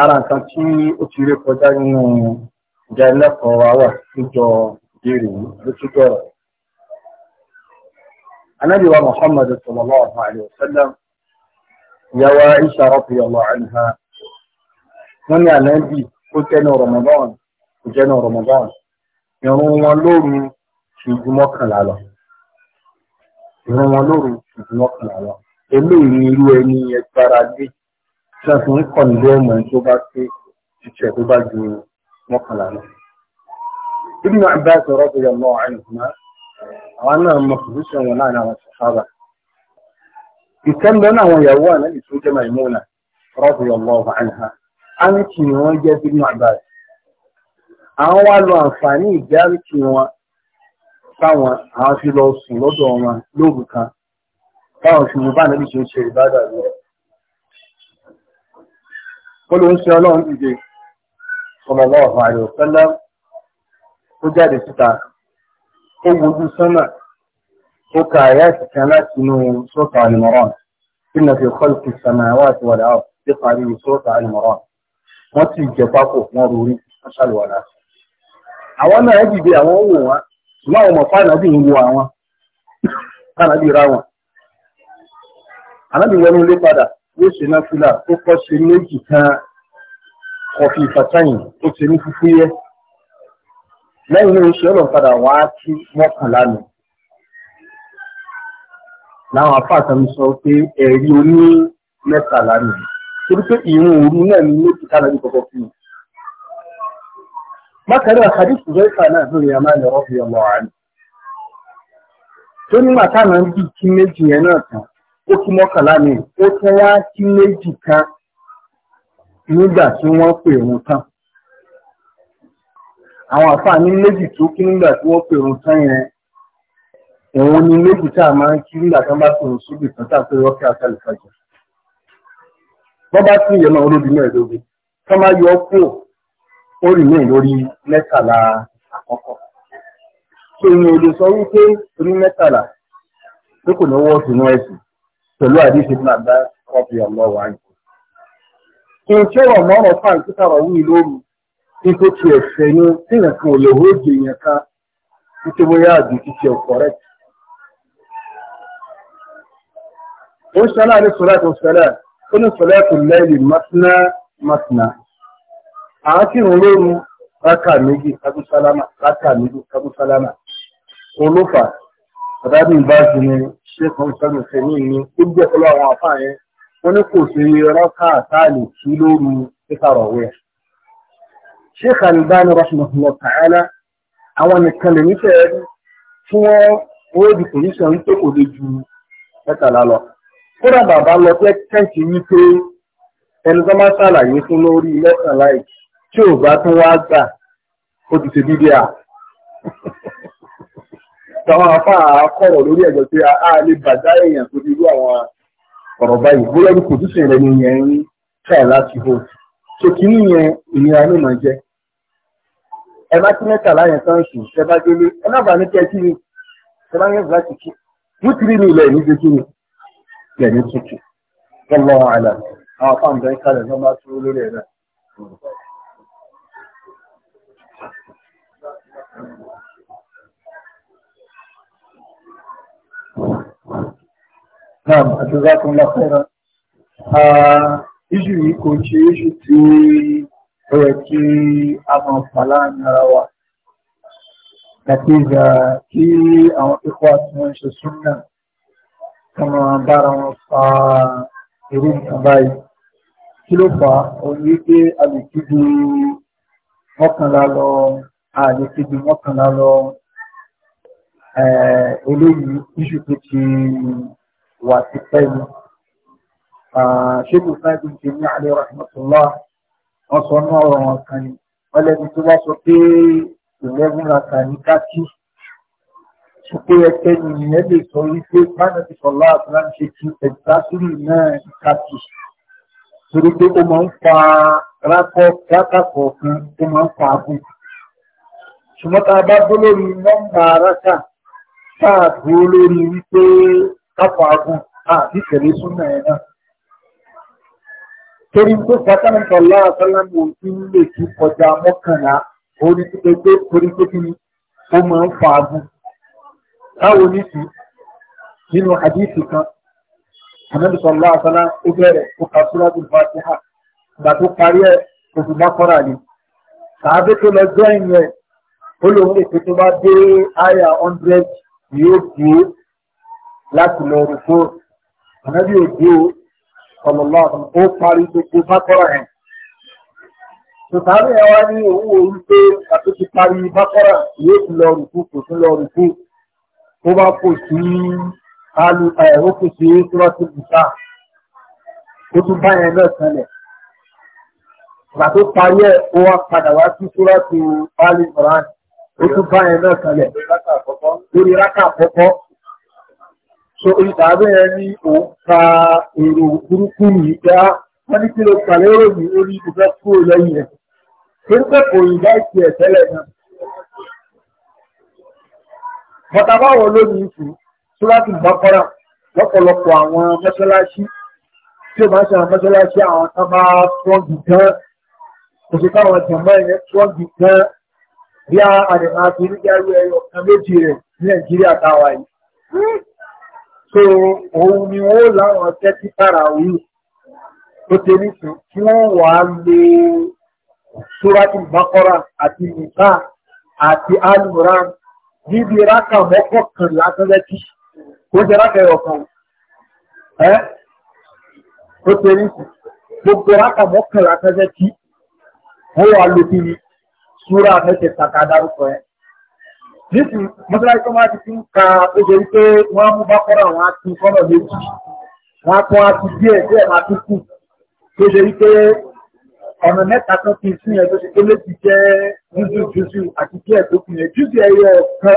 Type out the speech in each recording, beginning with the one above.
ara nǹkan tí ó ti rí kọjá nínú ìjà ẹlẹ́kọ̀ọ́ wa wà síjọ ìbéèrè yìí lóṣùjọ rẹ̀. wa Muhammad sallallahu alaihi wasallam ìyá wa Aisha radiyallahu anha wọ́n ó Ramadan kò jẹ́nu Ramadan ìrun wọn lóru ti ju lọ. ìrun wọn ni irú ẹni ẹgbára náà fi ń kọ̀ǹdé ọmọ tó bá pé ṣiṣẹ́ tó bá ju mọ́kànlá lọ. Ibn Abbas radiyallahu anhuma àwọn náà mọ pòsíṣàn wọn láàrin àwọn sàhábà. Ìkẹ́ńdọ́ náà àwọn ìyàwó ànábì tó jẹ́ Maimuna radiyallahu anha. Á ní kì í wọ́n jẹ́ Ibn Abbas. Àwọn wá lọ àǹfààní ìdárí kì wọn táwọn àwọn fi lọ sùn lọ́dọ̀ wọn lóògùn kan. ó ló ń ṣe ọlọ́run dìde ọmọọmọ ọ̀hún àyè òkẹ́lá ó jáde síta ó wojú sánmà ó ka àyà ìsìnkàn láti inú sọ́ọ̀tà àlùmọ́rán tí mo fi kọ́ ìkú sàmà wà àti wàdà ọ̀ tí parí sọ́ọ̀tà àlùmọ́rán wọ́n ti jẹ pákó wọn rú orí wọn ṣàlùwàlà. àwọn náà ẹ dìde àwọn wò wọn ṣùgbọ́n àwọn ọmọ fáànàbì ń wo àwọn fáànàbì ra wọn. ànábì yóò ṣe náfìlà tó kọ́ ṣe méjì kan kọfí ìfàtàyìn tó ṣe ní fúfú yẹ lẹ́yìn náà ṣe ọ̀nà padà wá sí mọ́kànlá nù láwọn afáàtàn sọ pé ẹ̀rí oní mẹ́tàlá nù torí pé ìrún òru náà ni méjì kan ní kọ̀kọ́ fún un. bákan náà hadith zaifa náà lórí ẹ̀ máa ń lọ́wọ́ fi ọmọ wa ni. tó ní màtá náà bí kí méjì yẹn náà tán o kí mọ́kànlá ni ó tún wá kí méjì kan nígbà tí wọ́n pè òun tán àwọn ní méjì tó kí nígbà tí wọ́n pè òun tán yẹn òun ni méjì tá a máa ń kí nígbà tí wọ́n bá pè òun sóbì tán tá a pè rọ́kẹ́ àtàlẹ̀ fàjà wọ́n bá tún olóbi tó máa yọ kú ó rì mí lórí mẹ́tàlá àkọ́kọ́ tó pẹ̀lú àdíṣe náà bá ọ̀fì ọlọ́wà àìkú. kí n tẹ́rọ mọ́rọ̀ fáà tí tààrà wí lóru kí tó ti ẹ̀fẹ̀ ní tí yẹn kan ò lè hó jẹ yẹn ká kí tó bóyá àdùn ti ti ọ̀pọ̀ rẹ̀. ó ń ṣẹlẹ̀ ní sọ̀rọ̀ tó ṣẹlẹ̀ ó ní sọ̀rọ̀ tó lẹ́yìn mọ́tínà mọ́tínà. àwọn tí ìrùn lóru rákà méjì kágúsálámà rákà méjì kágúsálámà olófà àdábì ìbáṣe ni ṣékan sọ́nù sẹ́yìn ni ó jẹ́ pẹ̀lú àwọn àfáà yẹn wọ́n ní kò sí rọ́kà táàlì tí lóru ìkàrọ̀wé. Sheikh Albani rahimahullah ta'ala àwọn nìkan lè nífẹ̀ tí wọ́n wéèdì pòlíṣàn ń tó kò lè ju mẹ́tàlá lọ. Kódà bàbá lọ pé kẹ́ǹtì wípé ẹni tó máa ṣàlàyé fún lórí mẹ́tàlá yìí tí ò bá tún wá gbà ó ti ṣe dídí à táwọn afá akọ̀rọ̀ lórí ẹ̀jọ̀ pé a lè bàjá èèyàn tó dirú àwọn ọ̀rọ̀ báyìí bóyá ní pòsíṣìn rẹ ni yẹn ń tẹ̀ láti hó so kìíní yẹn ìnira ní màá jẹ ẹ bá tí mẹ́ta láyẹn tán sùn ẹ bá délé ẹ náà bá ní kí ẹ kí ni ẹ bá yẹn bá ti kí wútìrí ni ilẹ̀ ìníjẹ kí ni ilẹ̀ ní tuntun lọ́wọ́ àlà àwọn afáǹdà ń kalẹ̀ lọ́ Naam, jazakumullahu khairan. Ah, iṣu yìí kò ṣe iṣu tí ó yẹ kí a máa fà láàrin ara wa. Nàtíjà ah, kí àwọn ikọ̀ àti wọn ṣe súnmọ́ kan máa bára wọn fa irú nǹkan báyìí. Kí ló fà á? Òun yìí pé àlùkíbi mọ́kànlá lọ, àlùkíbi mọ́kànlá lọ, eh, eléyìí iṣu tó ti wà sí pẹ́yì ṣébù fẹ́ẹ́bù ti ní alẹ́ rahmatullah wọ́n sọ ní ọ̀rọ̀ wọn kan ni wọ́n lẹ́ni tó wá sọ pé ìlẹ́gùn làkà ní kákí sọ pé ẹkẹ́ ni ìyẹn lè sọ wípé bánàbí sọlá àtúrán ṣe ti ẹ̀dásílì náà ní kákí torí pé ó máa ń fa rákàkọ̀ fún ó máa ń fa agùn ṣùgbọ́n tá a bá gbó lórí nọ́mbà rákà tá a dúró lórí wípé kápọ̀ faagun a tẹ̀lé suna ya náà torí tó fàtàlẹ̀kọ̀ láàtọ́lámù tí ń lè tún kọjá mọ́kànlá orí tó gbé torí kí ni ó oh, máa ń fa agun táwọn nínú kan àmẹ́bìsọ̀ láàtọ́lá ó bẹ̀rẹ̀ ó ka súrájú fàtíhà ìgbà tó parí ẹ̀ oṣù bákọ́rà ni tàbí tó lọ jẹ́ ìyẹn ó lòun ètò tó bá dé àyà 100 láti lọ rúkú ànábì òjò ọ̀lọ́lá ó parí gbogbo bákọ́rà ẹ̀ tòtàrí ẹ̀ wá ní òun òun pé àti ti parí bákọ́rà yóò ti lọ rúkú kò tún lọ rúkú tó bá kò sí alu ẹ̀rọ kò sí sọ́ọ́tì bùsà ó tún bá yẹn náà sanlẹ̀ ìgbà tó parí ẹ̀ ó wá padà wá sí sọ́ọ́tì alimoran ó tún bá yẹn náà sanlẹ̀ lórí rákà àkọ́kọ́ so ìdàbẹ́ ẹni òun ka èrò burúkú yìí dá wọ́n ní kí ló kàlérò ní orí ìfẹ́ kúrò lẹ́yìn ẹ̀ tó ń pẹ̀kọ̀ ìdá ìsì ẹ̀ tẹ́lẹ̀ náà bọ́tàbáwọ̀ lónìí ìsìn tó láti bọ́kọ́rà lọ́pọ̀lọpọ̀ àwọn mọ́ṣáláṣí tí ó máa ń ṣàwọn mọ́ṣáláṣí àwọn kan máa tọ́jú gan kò sí káwọn jàmọ́ ẹ̀yẹ tọ́jú gan bí a àdèmà àti onígbàrú ẹyọ kan méjì rẹ̀ ní nàìjíríà táwa yìí so òun ni wọ́n láwọn tẹ́tí tára wí tó ṣe nìkan kí wọ́n wà á lo ṣúrátì bákọ́rà àti nìta àti aluran níbi ráka mọ́kànlá tọ́lẹ́tì ó jẹ́ ráka ẹ̀rọ kan ẹ́ tó ṣe nìkan gbogbo ráka mọ́kànlá tọ́lẹ́tì wọ́n wà á lo kí ni ṣúra mẹ́tẹ̀ẹ̀ta ká dárúkọ ẹ̀ nísì mọ́sálásí tó máa ti tún ka oṣù wípé wọ́n mú bá kọ́rọ̀ wọn á ti kọ́rọ̀ méjì wọ́n á tún á ti díẹ̀ díẹ̀ máa tún kù tó ṣe wípé ọ̀nà mẹ́ta tó fi sí ẹ̀ tó ṣe pé méjì jẹ́ jújù jújù àti díẹ̀ tó fi yẹn jújù ẹyẹ ọ̀kan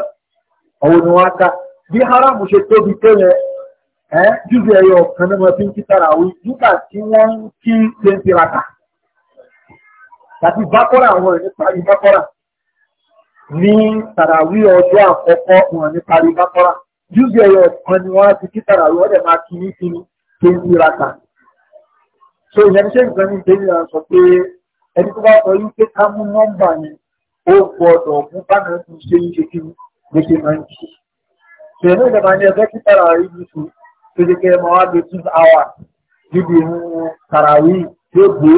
ọ̀wọ̀ ni wọ́n á ká bí haram ṣe tóbi tó yẹn ẹ́ jújù ẹyẹ ọ̀kan ní wọ́n fi ń kí tara nígbà tí wọ́n ń kí ṣe ń tiraka tàbí bákọ́rà àwọn ẹ̀ nípa ìbákọ́rà ní tàràwí ọjọ́ àkọ́kọ́ wọn ní parí bákọ́rà júùsì ẹ̀yọ kan ni wọ́n ti kí tàràwí ọ̀dẹ̀ máa kí ní kíní tó ń yíra ta. so ìyẹn ṣe nǹkan ní ìdílé náà sọ pé ẹni tó bá sọ yín pé ká mú nọ́mbà yẹn ó gbọdọ̀ mú bánà tó ṣe ń ṣe kíní bó ṣe máa ń kí. ṣèyí náà ìjọba ní ẹgbẹ́ kí tàràwí ní ṣe kẹ́ máa wá lo two hours níbi ìhun tàràwí tó gbé.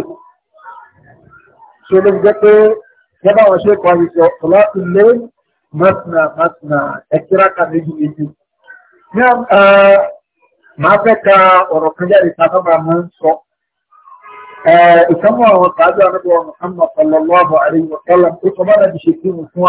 so ló ń jẹ́ pé Gẹ́gẹ́ àwọn ṣe kọ́ ìṣọ́ ọ̀láti lé mọ́tìnà mọ́tìnà ẹ̀kíráka méjì méjì. Ní máa fẹ́ ka ọ̀rọ̀ kan jáde ta fẹ́ máa mú sọ. Ìkánmọ́ àwọn tàájú àrẹ́bọ̀ Muhammad sallallahu alayhi wa sallam ó sọ bára bí ṣe kí mu fún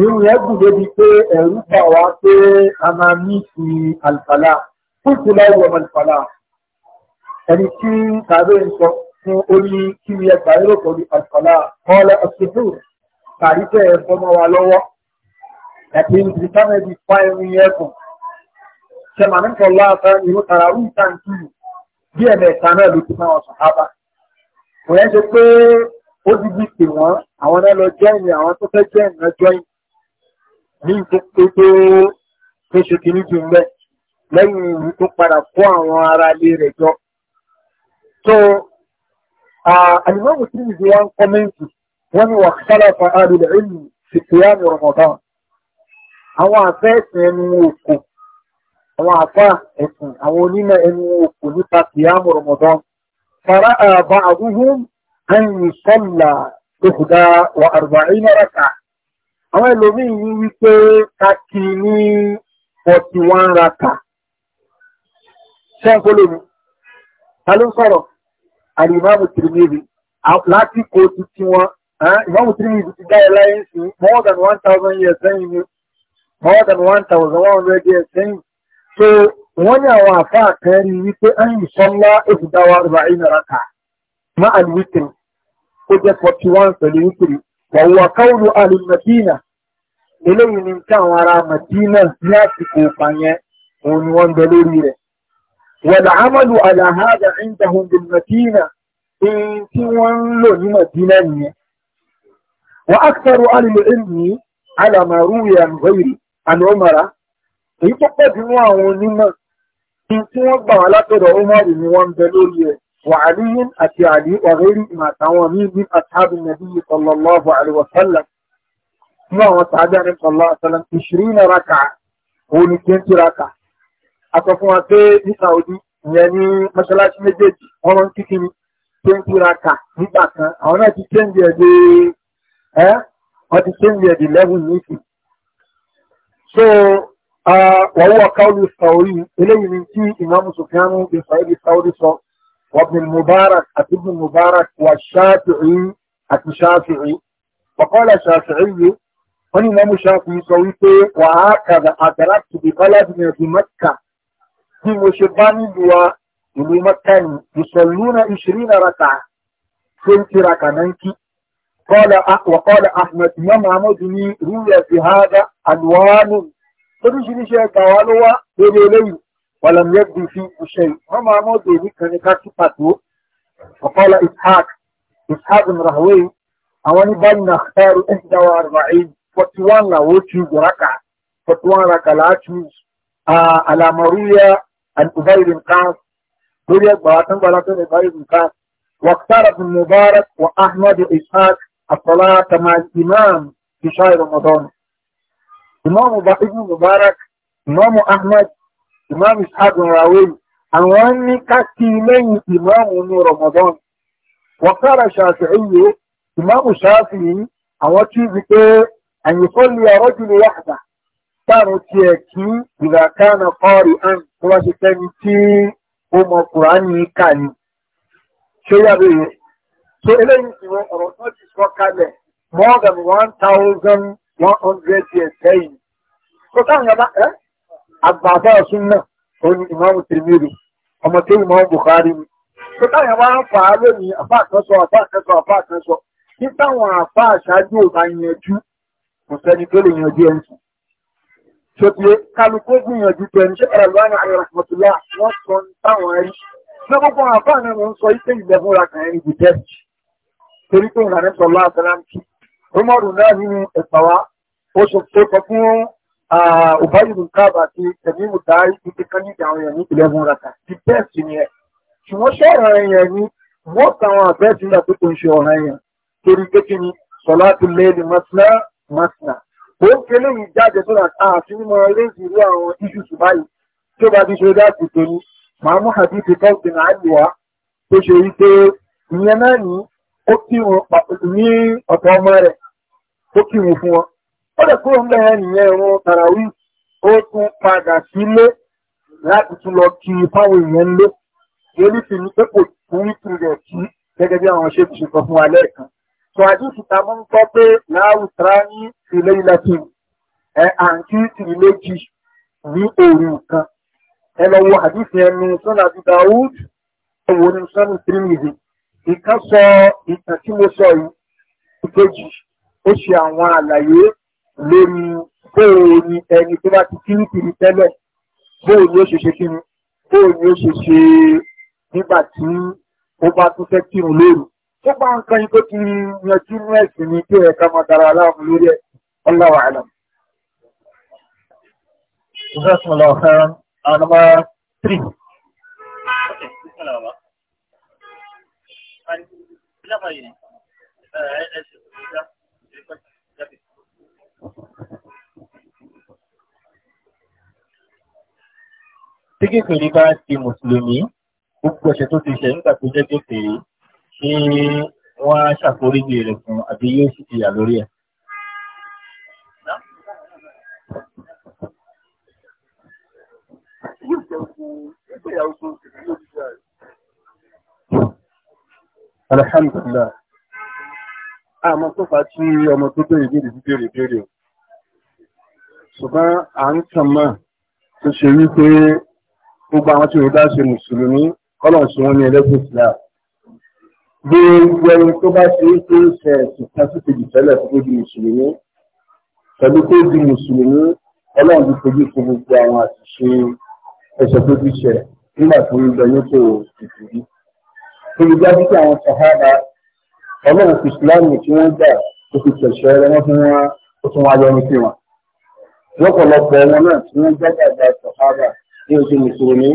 irun yẹn gùn débi pé ẹ̀rú bà wá pé a máa ní ti àlùfàlà fúùtù láì wọ àlùfàlà ẹni tí tàbí ń sọ fún orí kí ni ẹgbà yóò pẹ̀lú àlùfàlà kọ́lẹ̀ ọ̀ṣùdù tàbí tẹ̀ ẹ̀ fọmọ wa lọ́wọ́ ẹ̀pẹ́ ń ti sáré bí fa irun yẹn kù sẹ̀mánì kọ̀ọ̀lá àtà ìlú tàràwí ìtàǹkì bí ẹ̀mẹ̀ta náà ló ti máa ọ̀sán ábà kò yẹn ṣe pé ó ti di pè wọ́n àwọn náà lọ jẹ́yìn àwọn tó fẹ́ jẹ́yìn náà jọ́yìn ní ìtòkòtò tó ṣe kìíní jù ń bẹ́ lẹ́yìn ìlú tó padà kó àwọn ará ilé rẹ̀ jọ. tó alimọ́mù tí ìdí wọn kọ́mẹ́ǹtì wọ́n ni wà sálàfà àrùlẹ̀ ìlú fìtìyà ní rọ̀mọ̀dán. àwọn àfẹ́ ẹ̀sìn ẹnu òkò àwọn àfá ẹ̀sìn àwọn onímọ̀ ẹnu òkò nípa kìyàmù rọ̀mọ̀dán. fara àbá àbúhùn an yusalla ihda wa arba'ina raka'a àwọn ẹlòmíì ní wípé káàkì ní 41 raka ṣẹ́ǹkó lómi ta ló sọ̀rọ̀ àríwáàmù tìrìmìrì láti kó ti tí wọn ìmáàmù tìrìmìrì ti dá ẹláyé sí more than 1000 years sẹ́yìn ni more than 1100 years sẹ́yìn so wọ́n ní àwọn àfáà kan rí wípé ẹ̀yìn sọ́lá èkùdáwà rẹ̀ rà ìnà raka ma alwitri ó jẹ́ 41 pẹ̀lú wítìrì wàwùwà káwùlù àlù Madina eléyìí ni nǹkan àwọn ará Madina ní àsìkò ìpànyẹn òun ni wọ́n ń bẹ lórí rẹ̀ wàlà ámàlù àlàhádà ìndàhùn bil Madina èyí tí wọ́n ń lò ní Madina nìyẹn wà ákàrò àlù ilmi alàmàrú ìyànwéyìí àlùmọ́ra èyí tó pẹ̀ jù àwọn onímọ̀ tí wọ́n gbà látọ̀dọ̀ Umar ni wọ́n bẹ lórí rẹ̀ وعلي أتي علي وغير ما تعوامين من أصحاب النبي صلى الله عليه وسلم ما هو تعالى صلى الله عليه وسلم 20 ركعة هو 20 ركعة أتفهم أتي نسعودي يعني مثلا شمجد هون كتني 20 ركعة نبقى هون أتي 10 دي ها أتي 10 دي 11 نيكي so uh, وهو قول الثوري إليه من تي إمام سفيان بن سعيد الثوري وابن المبارك ابن المبارك والشافعي الشافعي وقال الشافعي هني نام الشافعي صويته وهكذا أدركت ببلدنا في مكة في مشبان دوا إلى مكة يصلون عشرين ركعة سنت ركعة ننكي قال وقال أحمد يا محمد روي في هذا ألوان تريش لشيء قالوا إليه ولم يبدو فيه شيء هما موضي لكن كاتبته وقال إسحاق إسحاق رهوي أواني بل نختار 41 41 فتوان تشوز ركعة 41 ركعة لا تشوز على مروية عن أبي بن قاس مرية بلاتن بلاتن أبي بن قاس واختار ابن مبارك وأحمد وإسحاق الصلاة مع الإمام في شهر رمضان إمام ابن مبارك إمام أحمد imam ishaq rawi àwọn ní kákí lẹ́yìn ìmáàmù ní ramadan wọ́kára ṣàfihìyè ìmáàmù ṣàfihì àwọn tí wí pé àyìnkọ́lì àrọ́jùlẹ̀ yàgbà táàrùn ti ẹ̀ kí ìlàkánà kọ́ọ̀rì àn tó wá ṣe tẹ́ni tí ó mọ kùránì kà ní ṣé so eléyìí ti wọn ọ̀rọ̀ tó ti sọ one thousand one hundred years sẹ́yìn so táwọn yàrá ẹ́ àgbàfà súnmọ́ òun ni ìmọ̀ tèmírì ọmọ tó ìmọ̀ Bukhari mi. tó táyà wá ń fà á lónìí àfà àkànṣọ àfà àkànṣọ àfà àkànṣọ kí táwọn àfà àṣáájú ò bá yanjú kò sẹ́ni tó lè yanjú ẹ̀ ń sùn. ṣòtìyẹ kálukú gbìyànjú tẹ̀ ní ṣẹ́kẹ̀rẹ̀ lọ́wọ́ àrẹ rahmatulá wọ́n sọ táwọn rí. ní gbogbo náà mo ń sọ ipe ìlẹ̀kùn ra kàn ẹni dìtẹ́ Ah, Ubayi Nkaaba àti Tẹ̀mímù Dáì ti ti kán níjà àwọn èèyàn ní eleven raka ti bẹ́ẹ̀sì ni ẹ̀. Ṣùgbọ́n ṣọ́ọ̀rọ̀ èèyàn ni wọ́n ka àwọn àbẹ́ẹ̀sì nígbà tó tó ń ṣe ọ̀rọ̀ èèyàn torí pé kí ni Sọláàtù Lẹ́ẹ̀lì Masna Masna. Ó ń kele yìí jáde tó dà á àfi mímọ léèzì rí àwọn iṣu ṣùgbáyìí tí ó bá ti ṣe dáàbò tó ní. Màá mú Hadithi Tọ́sí náà wá tó ṣe yí pé ìyẹn náà ní ó kírun ní ọ̀tọ̀ ó lè kúrò ń bẹ̀rẹ̀ nìyẹn irun tàràwí ó tún padà sílé láti tún lọ kí fáwọn èèyàn lé èyí ti ní pé kò tún tù rẹ̀ kí gẹ́gẹ́ bí àwọn ṣéèkì ṣe sọ fún wa lẹ́ẹ̀kan tó àdúgbò ta mọ́ ń gbọ́ pé láwùtara ní ilé ilẹ̀kùn ẹ̀ àǹkí tìrìlẹ́jì ní òru kan ẹ lọ wo àdúgbò ẹnu sọ́nà bí Dawud ní sọ́nà tìrìmìzì ìkan sọ ìtàn tí mo sọ yìí ìkejì ó ṣe àwọn àlàyé lórí bóò ni ẹni tó bá ti kírìkìrì tẹ́lẹ̀ bóò ni ó ṣe ṣe kí ni bóò ni ó ṣe ṣe nígbà tí ó bá tún fẹ́ kírun lóru tó bá ń kan tó ti yanjú ní ẹ̀sìn ni tí ẹ̀ka máa dára aláàmú lórí ẹ̀ ọláwà àlàm. Ìfẹ́sùnlọ ọ̀fẹ́ràn ànàmọ́ 3. Ìlàmà yìí, ẹ̀ẹ́sìn. tí kékeré bá di mùsùlùmí gbogbo ẹ̀ṣẹ̀ tó ti ṣẹ̀ nígbà tó jẹ́ kékeré ṣé wọ́n á ṣàforíjì rẹ̀ fún àbí yóò sì ti yà lórí ẹ̀. Alhamdulillah. Àmọ́ tó fà tí ọmọ tó bèèrè bèèrè bèèrè bèèrè. Ṣùgbọ́n à ń kàn máa tó ṣe wípé gbogbo àwọn tí yorùbá ṣe mùsùlùmí kọ́lọ̀n sí wọn ní ẹlẹ́gbẹ̀ẹ́ sílá gbogbo ẹni tó bá ṣe é pé ṣe ẹ̀sìn kan sí kejì tẹ́lẹ̀ tó di mùsùlùmí pẹ̀lú tó di mùsùlùmí kọ́lọ̀n ti fojú fo gbogbo àwọn àṣìṣe ẹ̀ṣẹ̀ tó ti ṣẹ̀ nígbà tó ń bẹ nípò ìtìrí olùgbà títí àwọn sàhábà ọlọ́run fi ìsìláàmù tí wọ́n gbà tó fi tẹ̀sẹ̀ rẹ wọ́n fún wọn ó tún wá yọrí sí wọn lọ́pọ̀lọpọ̀ wọn náà tí wọ́n gbàgbà sàhábà ní oṣù mùsùlùmí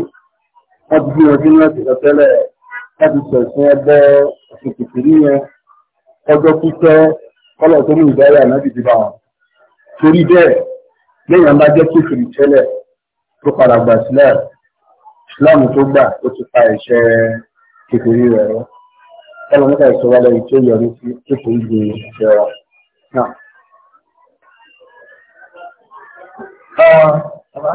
wọ́n ti bí wọn sínú ẹ̀sìn lọ́tẹ́lẹ̀ láti sọ̀sìn ẹgbẹ́ òṣèkìtì níyẹn ọjọ́ pípẹ́ kọ́lọ̀ tó mú ìdáyà náà ti bá wọn. torí bẹ́ẹ̀ lẹ́yìn bá jẹ́ kékeré tẹ́lẹ̀ tó padà gbà sílẹ̀ ìsìláàmù tó gbà ó ti pa ẹ̀ṣẹ̀ kékeré rẹ̀ rọ́ kọ́lọ̀ nípa ìṣọ́wá lẹ́yìn tó yọrí sí kékeré ju ìṣẹ́ wa. Uh,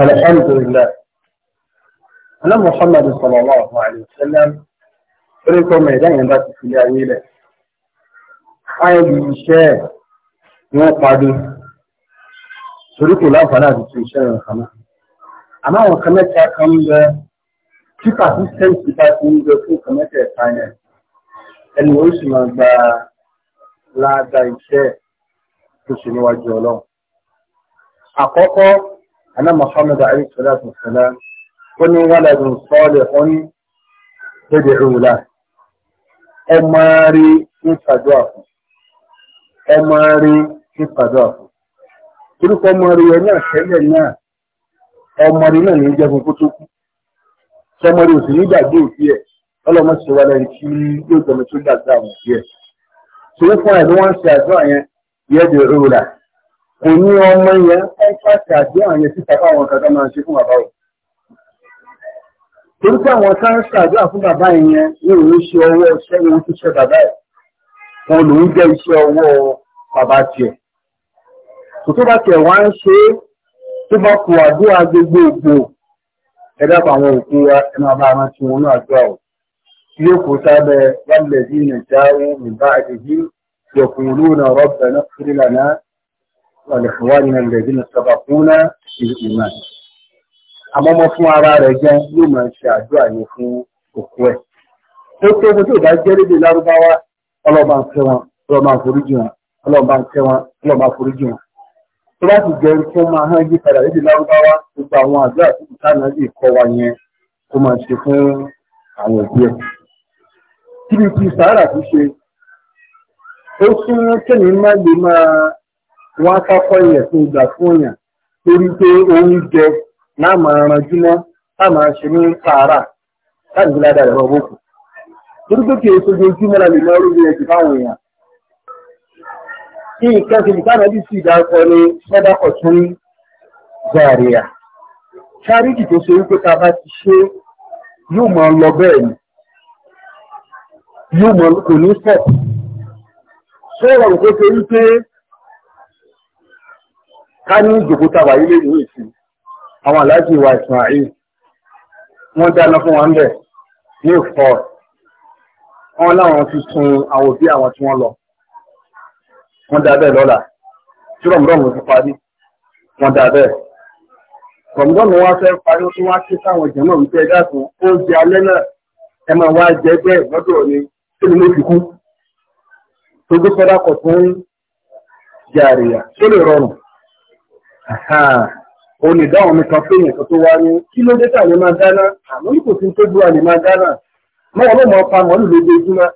الحمد لله أنا محمد صلى الله عليه وسلم orúkọ ẹ̀dáyìn bá ti fi ayé rẹ̀. Àìlú iṣẹ́ ni wọ́n padé, torí kò láǹfààní àti tún iṣẹ́ rẹ̀ kan náà. Àmọ́ àwọn kan mẹ́ta kan ń bẹ tí pàtísẹ́ǹtì bá ti ń bẹ fún kan mẹ́ta ẹ̀ka yẹn. Ẹni ó sì máa gba láàdá iṣẹ́ tó ṣe níwájú Ọlọ́run. Àkọ́kọ́ أن محمد عليه الصلاة والسلام كن ولد صالح تدعو له ọmọ rí ní pàdúà fún ọmọ rí ní pàdúà fún orúkọ ọmọ rí ẹ náà tẹ́lẹ̀ náà ọmọ rí náà ní jẹ́ fún kó tó kú sọmọ rí òsì nígbàgbé òbí ẹ ọlọmọ sì wà lẹ́yìn tí yóò jọmọ tó gbàgbé àwọn òbí ẹ ṣòwò fún ẹ ló wọn ń ṣe àdúrà yẹn yẹ dé rúra kò ní ọmọ yẹn kọ́ńtàkì àti àyẹ̀ síta fáwọn kankan máa ṣe fún bàbá o. torí pé àwọn kan ṣàdúrà fún bàbá yẹn ní òun ṣe ọwọ́ ṣẹ́ wọn ti ṣe bàbá ẹ̀ wọn lòún jẹ́ iṣẹ́ ọwọ́ bàbá tiẹ̀. kò tó bá tiẹ̀ wá ń ṣe é tó bá kù àdúrà gbogbo ògbò ẹ dábàá àwọn òkú wa ẹ máa bá rántí wọn náà àdúrà o. yóò kó sábẹ́ wàlẹ̀ yìí nàìjíríà mi bá àdéhìí yọkùnrin náà rọ́bà náà kúrìlà náà ولإخواننا الذين سبقونا بالإيمان àmọ́ ọmọ fún ara rẹ̀ jẹ́ yóò máa ṣe àdúrà ní fún òkú ẹ̀. ó tó ojú ìbá jẹ́ lédè lárúbáwá ọlọ́ọ̀bá ń fẹ́ wọn ọlọ́ọ̀bá ń foríjì wọn ọlọ́ọ̀bá ń fẹ́ wọn ọlọ́ọ̀bá ń foríjì wọn. tó bá ti jẹ́ kí máa hán yí padà lédè lárúbáwá gbogbo àwọn àdúrà tó kùtà náà lè kọ́ wa yẹn kó máa ṣe fún àwọn òbí ẹ̀. kíbi ti sàárà ti ṣe ó tún kẹ́mi má lè máa wọ́n á kọ́kọ́ ilẹ̀ tó gbà fún èèyàn torí pé oúnjẹ náà máa ranjú mọ́ náà máa ṣe ní sàárà láti fi ládàá ẹ̀rọ òkú torí pé kì í ṣe ojoojúmọ́ la lè mọ orí ilẹ̀ jù fáwọn èèyàn kí nǹkan ṣe nǹkan àbí sì dárúkọ ní sọ́dá ọ̀tún zaria ṣáríkì tó ṣe wípé ta bá ti ṣe yóò máa lọ bẹ́ẹ̀ ni yóò máa kò ní sọ̀rọ̀ nǹkan ṣe wípé ká ní ìjòkó tàbà ilé ìwé ìsì àwọn aláàjì ìwà ìsìnàí wọ́n dáná fún wọn bẹ̀ ní ìfọ́ wọn láwọn ti sun àwọn òbí àwọn tí wọ́n lọ wọ́n dá bẹ́ẹ̀ lọ́la tí rọ̀mùrọ̀mù ti parí wọ́n dá bẹ́ẹ̀ rọ̀mùrọ̀mù wọn fẹ́ parí ó tún wá sí sáwọn ìjọ náà wípé ẹ̀dá kan ó jẹ alẹ́ náà ẹ máa wá jẹ bẹ́ẹ̀ lọ́dọ̀ ni tí mo fi kú tó gbé sọ́dá kọ̀ tó ń jẹ àríyá tó lè rọrùn o lè dá àwọn kan fún èèyàn tó wá ní kí ló dé tàbí máa dáná àmọ́ kò sí ma dúró àlè máa dáná mọ́wọ́ ló mọ̀ pa mọ́lù lójoojúmọ́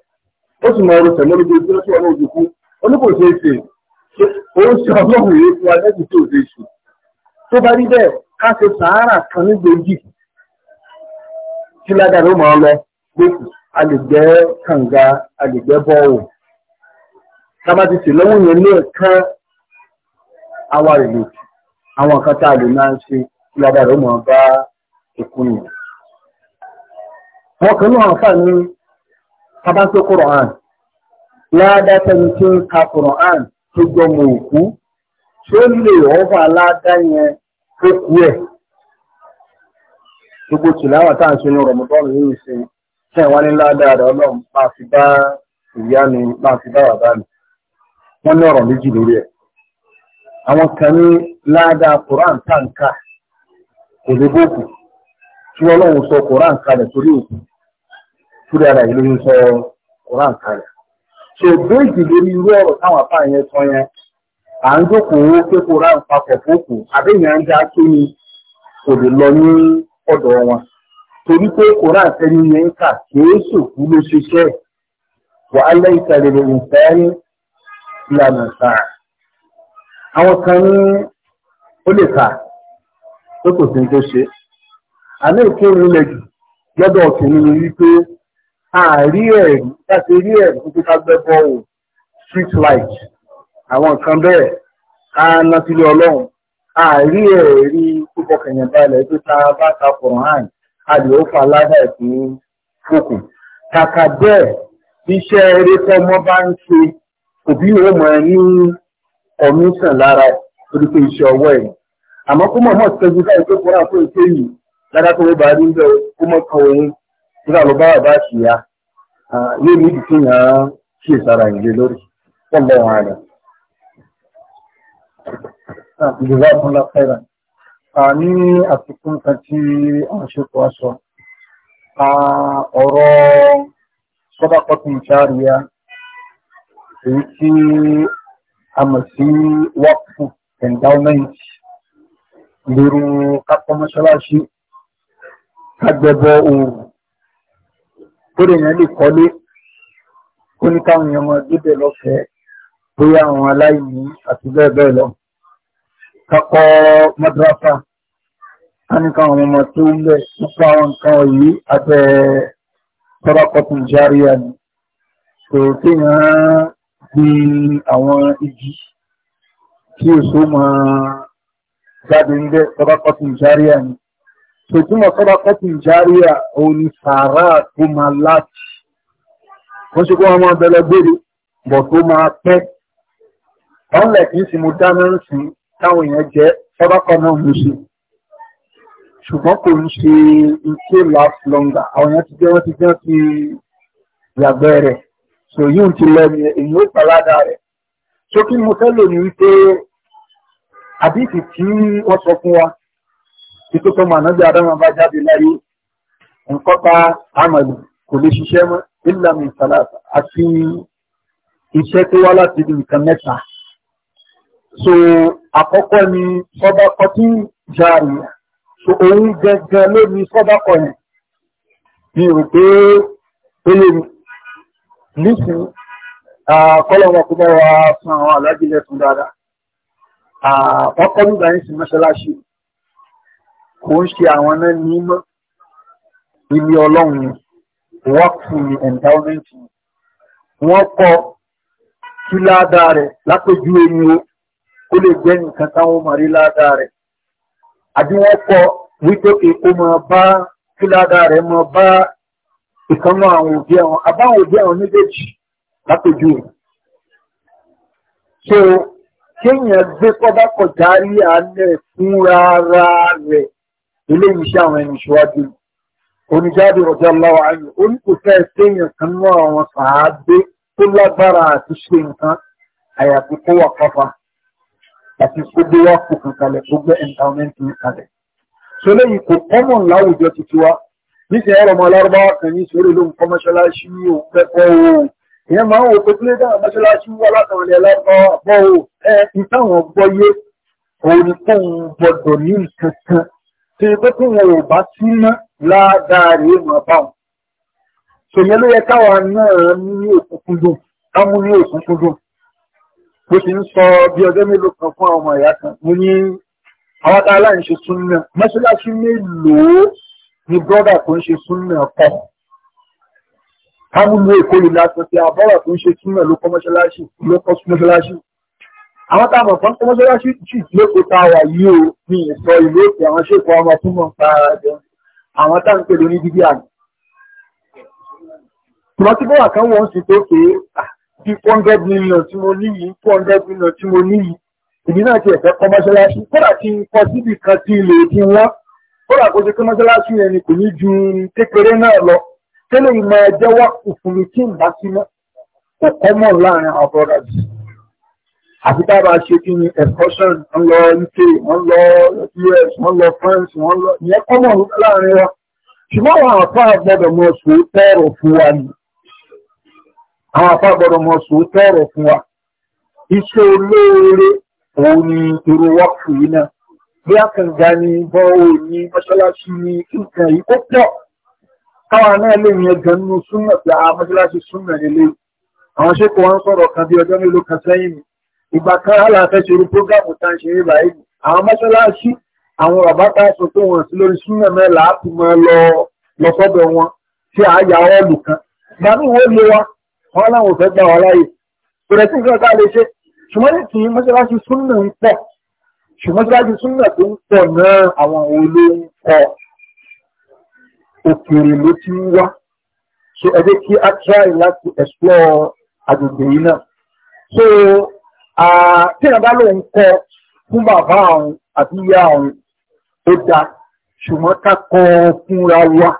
ó sì mọ ọrọ̀ tẹ̀lé lójoojúmọ́ tí wọ́n lójú kú ó ní kò ṣe é ṣe ó ń ṣe ọlọ́run yìí fún alẹ́bí ṣe ṣe tó bá rí bẹ́ẹ̀ ká ṣe sàárà kan ní gbòógì kí ládàá ló máa lọ a kànga a ká ti ṣèlọ́wọ́ yẹn ní àwọn kan tá a lè máa ń ṣe kí bá kan náà ní Quran ládàá tẹni ka Quran tó òkú tí ó lè ọ̀fà yẹn tó kú ẹ̀. Gbogbo tá à ń ṣe ní Ramadan yìí ṣe ṣe wá ní ládàá rẹ̀ ọlọ́run máa fi bá ìyá mi máa fi bá mi. Wọ́n ní ọ̀rọ̀ àwọn kan ní ládàá Quran táǹkà kò lè bókù tí ọlọ́run sọ Quran kalẹ̀ torí òkú fúdà rà ìlú ń sọ Quran kalẹ̀ ṣe béèjì lórí irú ọ̀rọ̀ táwọn apá yẹn sọ yẹn à ń pé Quran papọ̀ fókù àbẹ́yẹn ń dá ni kò lè lọ ní ọ̀dọ̀ wọn torí pé Quran yẹn ń kà kìí sòkú àwọn kan ní ó lè kà pé kò sí tó ṣe àmì ìkírun ilẹ̀ jù lọ́dọ̀ ọ̀kìnrin ni wípé àárí ẹ̀rí láti rí ẹ̀rí tó ká gbẹ́ bọ́ọ̀lù street light àwọn nǹkan bẹ́ẹ̀ ká ná sílé ọlọ́run àárí ẹ̀rí tó fọkànyàn balẹ̀ tó ta bá ta kọ̀ọ̀rọ̀ hàn àdìó fa ládà ìpín fòkù kàkà bẹ́ẹ̀ iṣẹ́ eré tọ́mọ bá ń ṣe òbí òun mọ̀ ní commission lára torí pé iṣẹ́ ọwọ́ ẹ̀ àmọ́ kó mọ̀ mọ́ tẹ́jú láì pé kóra fún ìṣe yìí lára tó bá rí bẹ́ẹ̀ kó mọ̀ kan òun nígbà ló bá wà bá ṣì ya yóò ní ìdí kéèyàn ṣe sára ìlé lórí wọ́n lọ wọn rẹ̀. ìjọba fún lápẹ́rà ní àfikún kan tí àwọn ṣètò aṣọ ọ̀rọ̀ sọ́dọ̀kọ́tì ìṣàríyá èyí tí a mọ̀ sí wọ́pù endowment lérò kápọ̀ mọ́ṣáláṣí kágbẹ́bọ oòrùn tó lè yẹn lè kọ́lé kó ní káwọn èèyàn wọn débẹ̀ lọ́fẹ̀ẹ́ bóyá àwọn aláìní àti bẹ́ẹ̀ bẹ́ẹ̀ lọ kakọ madrasa káníkà àwọn ọmọ tó ń bẹ̀ nípa àwọn nǹkan yìí àtẹ tọ́lákọ̀tún járíà ni kò tí yàn gbé àwọn igi tí èso máa jáde níbẹ̀ sọ́dákọ́tì ìjáríà ni ṣètúmọ̀ sọ́dákọ́tì ìjáríà òun ni sàárà tó máa láti wọ́n ṣe kó wọn máa bẹ̀rẹ̀ gbére bọ̀ tó máa pẹ́ wọ́n lẹ̀ kí n sì mú dáná ń sìn táwọn èèyàn jẹ́ sọ́dákọ́ náà ló ṣe ṣùgbọ́n kò ń ṣe ike last longer àwọn èèyàn ti jẹ́ wọ́n ti jẹ́ ti yàgbẹ́ rẹ̀ so yíò ti lẹ́nu èyí ó pàládà rẹ̀ so kí mo fẹ́ lò ní wípé àdìsí tí wọ́n sọ fún wa tí tó tọ́ màá nájà adámà bá jáde láyé nǹkan pa àmàlù kò lè ṣiṣẹ́ mọ́ ìlànà ìsàlàtà àti iṣẹ́ tó wá láti ibi nǹkan mẹ́ta so àkọ́kọ́ ni sọ́dákọ́ tí jàre so òun gẹ́gẹ́ ló ní sọ́dákọ́ yẹn mi rò pé ó lè nísìn kọ́lọ̀wọ̀ kó bẹ́ẹ̀ wá fún àwọn alájílẹ̀ fún dáadáa ọkọ̀ nígbà yìí sí mọ́ṣáláṣí kò ń ṣe àwọn náà ní mọ́ ilé ọlọ́run wọ́pù ní endowment wọ́n kọ́ kí ládàá rẹ̀ lápẹjú ẹni o kó lè jẹ́ nǹkan táwọn mọ̀rí ládàá rẹ̀ àbí wọ́n kọ́ wípé kò máa bá kí ládàá rẹ̀ máa bá ìkànnà àwọn òbí àwọn àbáwọn òbí àwọn méjèèjì lápèjú rẹ̀. so kéèyàn gbé kọ́bá kọjá rí alẹ́ fúnra rẹ̀ eléyìí iṣẹ́ àwọn ẹni ṣíwájú oníjáde ọjọ́ aláwọ̀ ayò oníkòfẹ́ kéèyàn kan náà àwọn sàádé tó lágbára àti ṣe nǹkan àyàfi kó wà káfa àti gbogbo wa kò kankalẹ̀ gbogbo ẹ̀ńtàmẹ́ntì kalẹ̀ so léyìí kò kọ́mọ̀ láwùjọ titiwa níṣẹ́ ọ̀rọ̀ ọmọ alárúbáwá kan ní sórí ló ń kọ́ mọ́ṣáláṣí òun pẹ́pọ́ o ìyẹn máa ń wo pé pílẹ̀ dáhùn mọ́ṣáláṣí wá látàwọn ilẹ̀ alárúbáwá bọ́ o ẹ ìtàwọn gbọ́yé òun ni kóun gbọ́dọ̀ ní nǹkan kan tí pé kí wọn ò bá sí mọ́ ládàá rèé máa bá wọn. sòyẹn ló yẹ káwa náà ní òkùnkùn dùn káwọn ní òkùnkùn dùn bó ti ń sọ bí ọjọ́ mélòó kan fún àwọn ọmọ ìyá ni brọ́dà tó ń ṣe súnmọ̀ ọkọ̀ kámúlò èkó yìí lásán sí àbọ́rà tó ń ṣe súnmọ̀ ló kọ́ mọ́ṣáláṣí ló kọ́ mọ́ṣáláṣí àwọn táwọn kan kọ́ mọ́ṣáláṣí jì lóko tá a wà yìí o ní ìsọ ìlú òkè àwọn ṣèkọ ọmọ tó mọ̀ nípa ara jẹun àwọn táwọn pèlè ní dídí àná tòmátì bọ́wà kan wọ́n sì tó pé ah, bí two hundred million tí mo ní yìí hundred million tí mo ní yìí èmi náà ti ẹ̀fẹ́ kọ́ mọ́ṣáláṣí kódà ti kọ síbì kan ti ilé tí wọ́n kódà kó ṣe pé mọ́ṣáláṣí yẹn ni kò ní ju kékeré náà lọ tẹ́lẹ̀ ìmọ̀ ẹjẹ́ wá òfurufú tí ń bá sí mọ́ ó kọ́ mọ̀ láàrin àwọn brothers àti tábà ṣe kí ni excursion wọ́n lọ UK wọ́n lọ US wọ́n lọ France wọ́n lọ ìyẹn kọ́ mọ̀ láàrin wa ṣùgbọ́n àwọn àfa gbọ́dọ̀ mọ̀ sòótọ́ ọ̀rọ̀ fún wa ni àwọn àfa gbọ́dọ̀ mọ̀ sòótọ́ ọ̀rọ̀ fún wa iṣẹ́ olóore òun ni irú wọ́pù yìí náà bí a kàn ga ni bọ́ òní mọ́ṣáláṣí ni nǹkan yìí ó pọ̀ káwa náà lè yẹn gan nínú súnmọ̀ pé a mọ́ṣáláṣí súnmọ̀ nílé àwọn ṣe kò wọ́n sọ̀rọ̀ kan bí ọjọ́ mélòó kan sẹ́yìn ni ìgbà kan aláfẹ́ ṣe irú prógámù tá ń ṣe rí báyìí àwọn mọ́ṣáláṣí àwọn bàbá tá a sọ pé wọ́n sí lórí súnmọ̀ mẹ́la á ti máa lọ lọ sọ́dọ̀ wọn tí a yà ọ́ọ̀lù kan ìgbà ní ìwé wa wọn láwọn fẹ́ gbà wá láàyè kò rẹ̀ sí nǹkan ká lè ṣe ṣùgbọ́n ní tì í mọ́ṣáláṣí súnmọ̀ ń pọ̀ ṣùgbọ́n ṣáájú súnà tó ń pọ̀ náà àwọn olè ń kọ òkèèrè ló ti ń wá so ẹ kí a try láti explore àgbègbè yìí náà so tí èèyàn bá lóun kọ fún bàbá àwọn àbí ìyá àwọn ó da ṣùgbọ́n ká kọ fúnra wa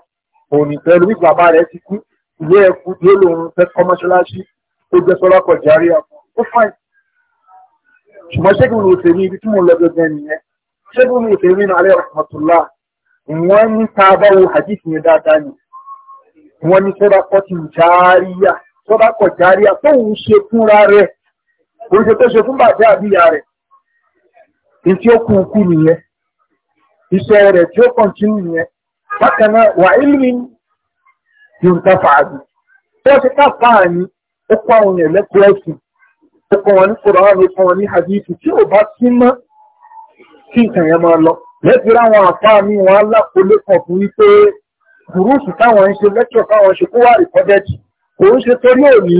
òní pẹ̀lú bí bàbá rẹ̀ ti kú ilé ẹ̀kú tí ó lòun fẹ́ kọ́ mọ́ṣáláṣí ó jẹ́ sọ́lá kọjá rí àpò ó fàìn ṣùgbọ́n ṣé kí n lè ṣe ní ibi tí mo lọ gẹ́gẹ́ nìyẹn ṣé kí n lè ṣe ní alẹ́ rahmatullah wọ́n ní tá a bá wo hadith yẹn dáadáa ni wọ́n ní sọ́dákọ́ ti járíyà sọ́dákọ̀ járíyà tó ń ṣe fúnra rẹ̀ kò ń ṣe tó ṣe fún bàbá àbíyá rẹ̀ ní ó kú kú nìyẹn iṣẹ́ rẹ̀ tí ó kọ̀ntínú nìyẹn bákan náà wà ilmin yóò ń tafà àbí tó ṣe ká fáà ó kó àwọn èèyàn lẹ́kọ̀ọ́ ẹ̀sìn ẹ̀kọ́ wọn ní kòránù ẹ̀kọ́ wọn ní hadithi tí ò bá sí mọ́ kí nǹkan yẹn máa lọ lẹ́bí ráwọn àfáà ní wọn alákòólé kan fún wípé gúrúùsù táwọn ń ṣe lẹ́kṣọ̀ táwọn ṣe kó wà rìkọ́dẹ́jì kò ń ṣe torí òní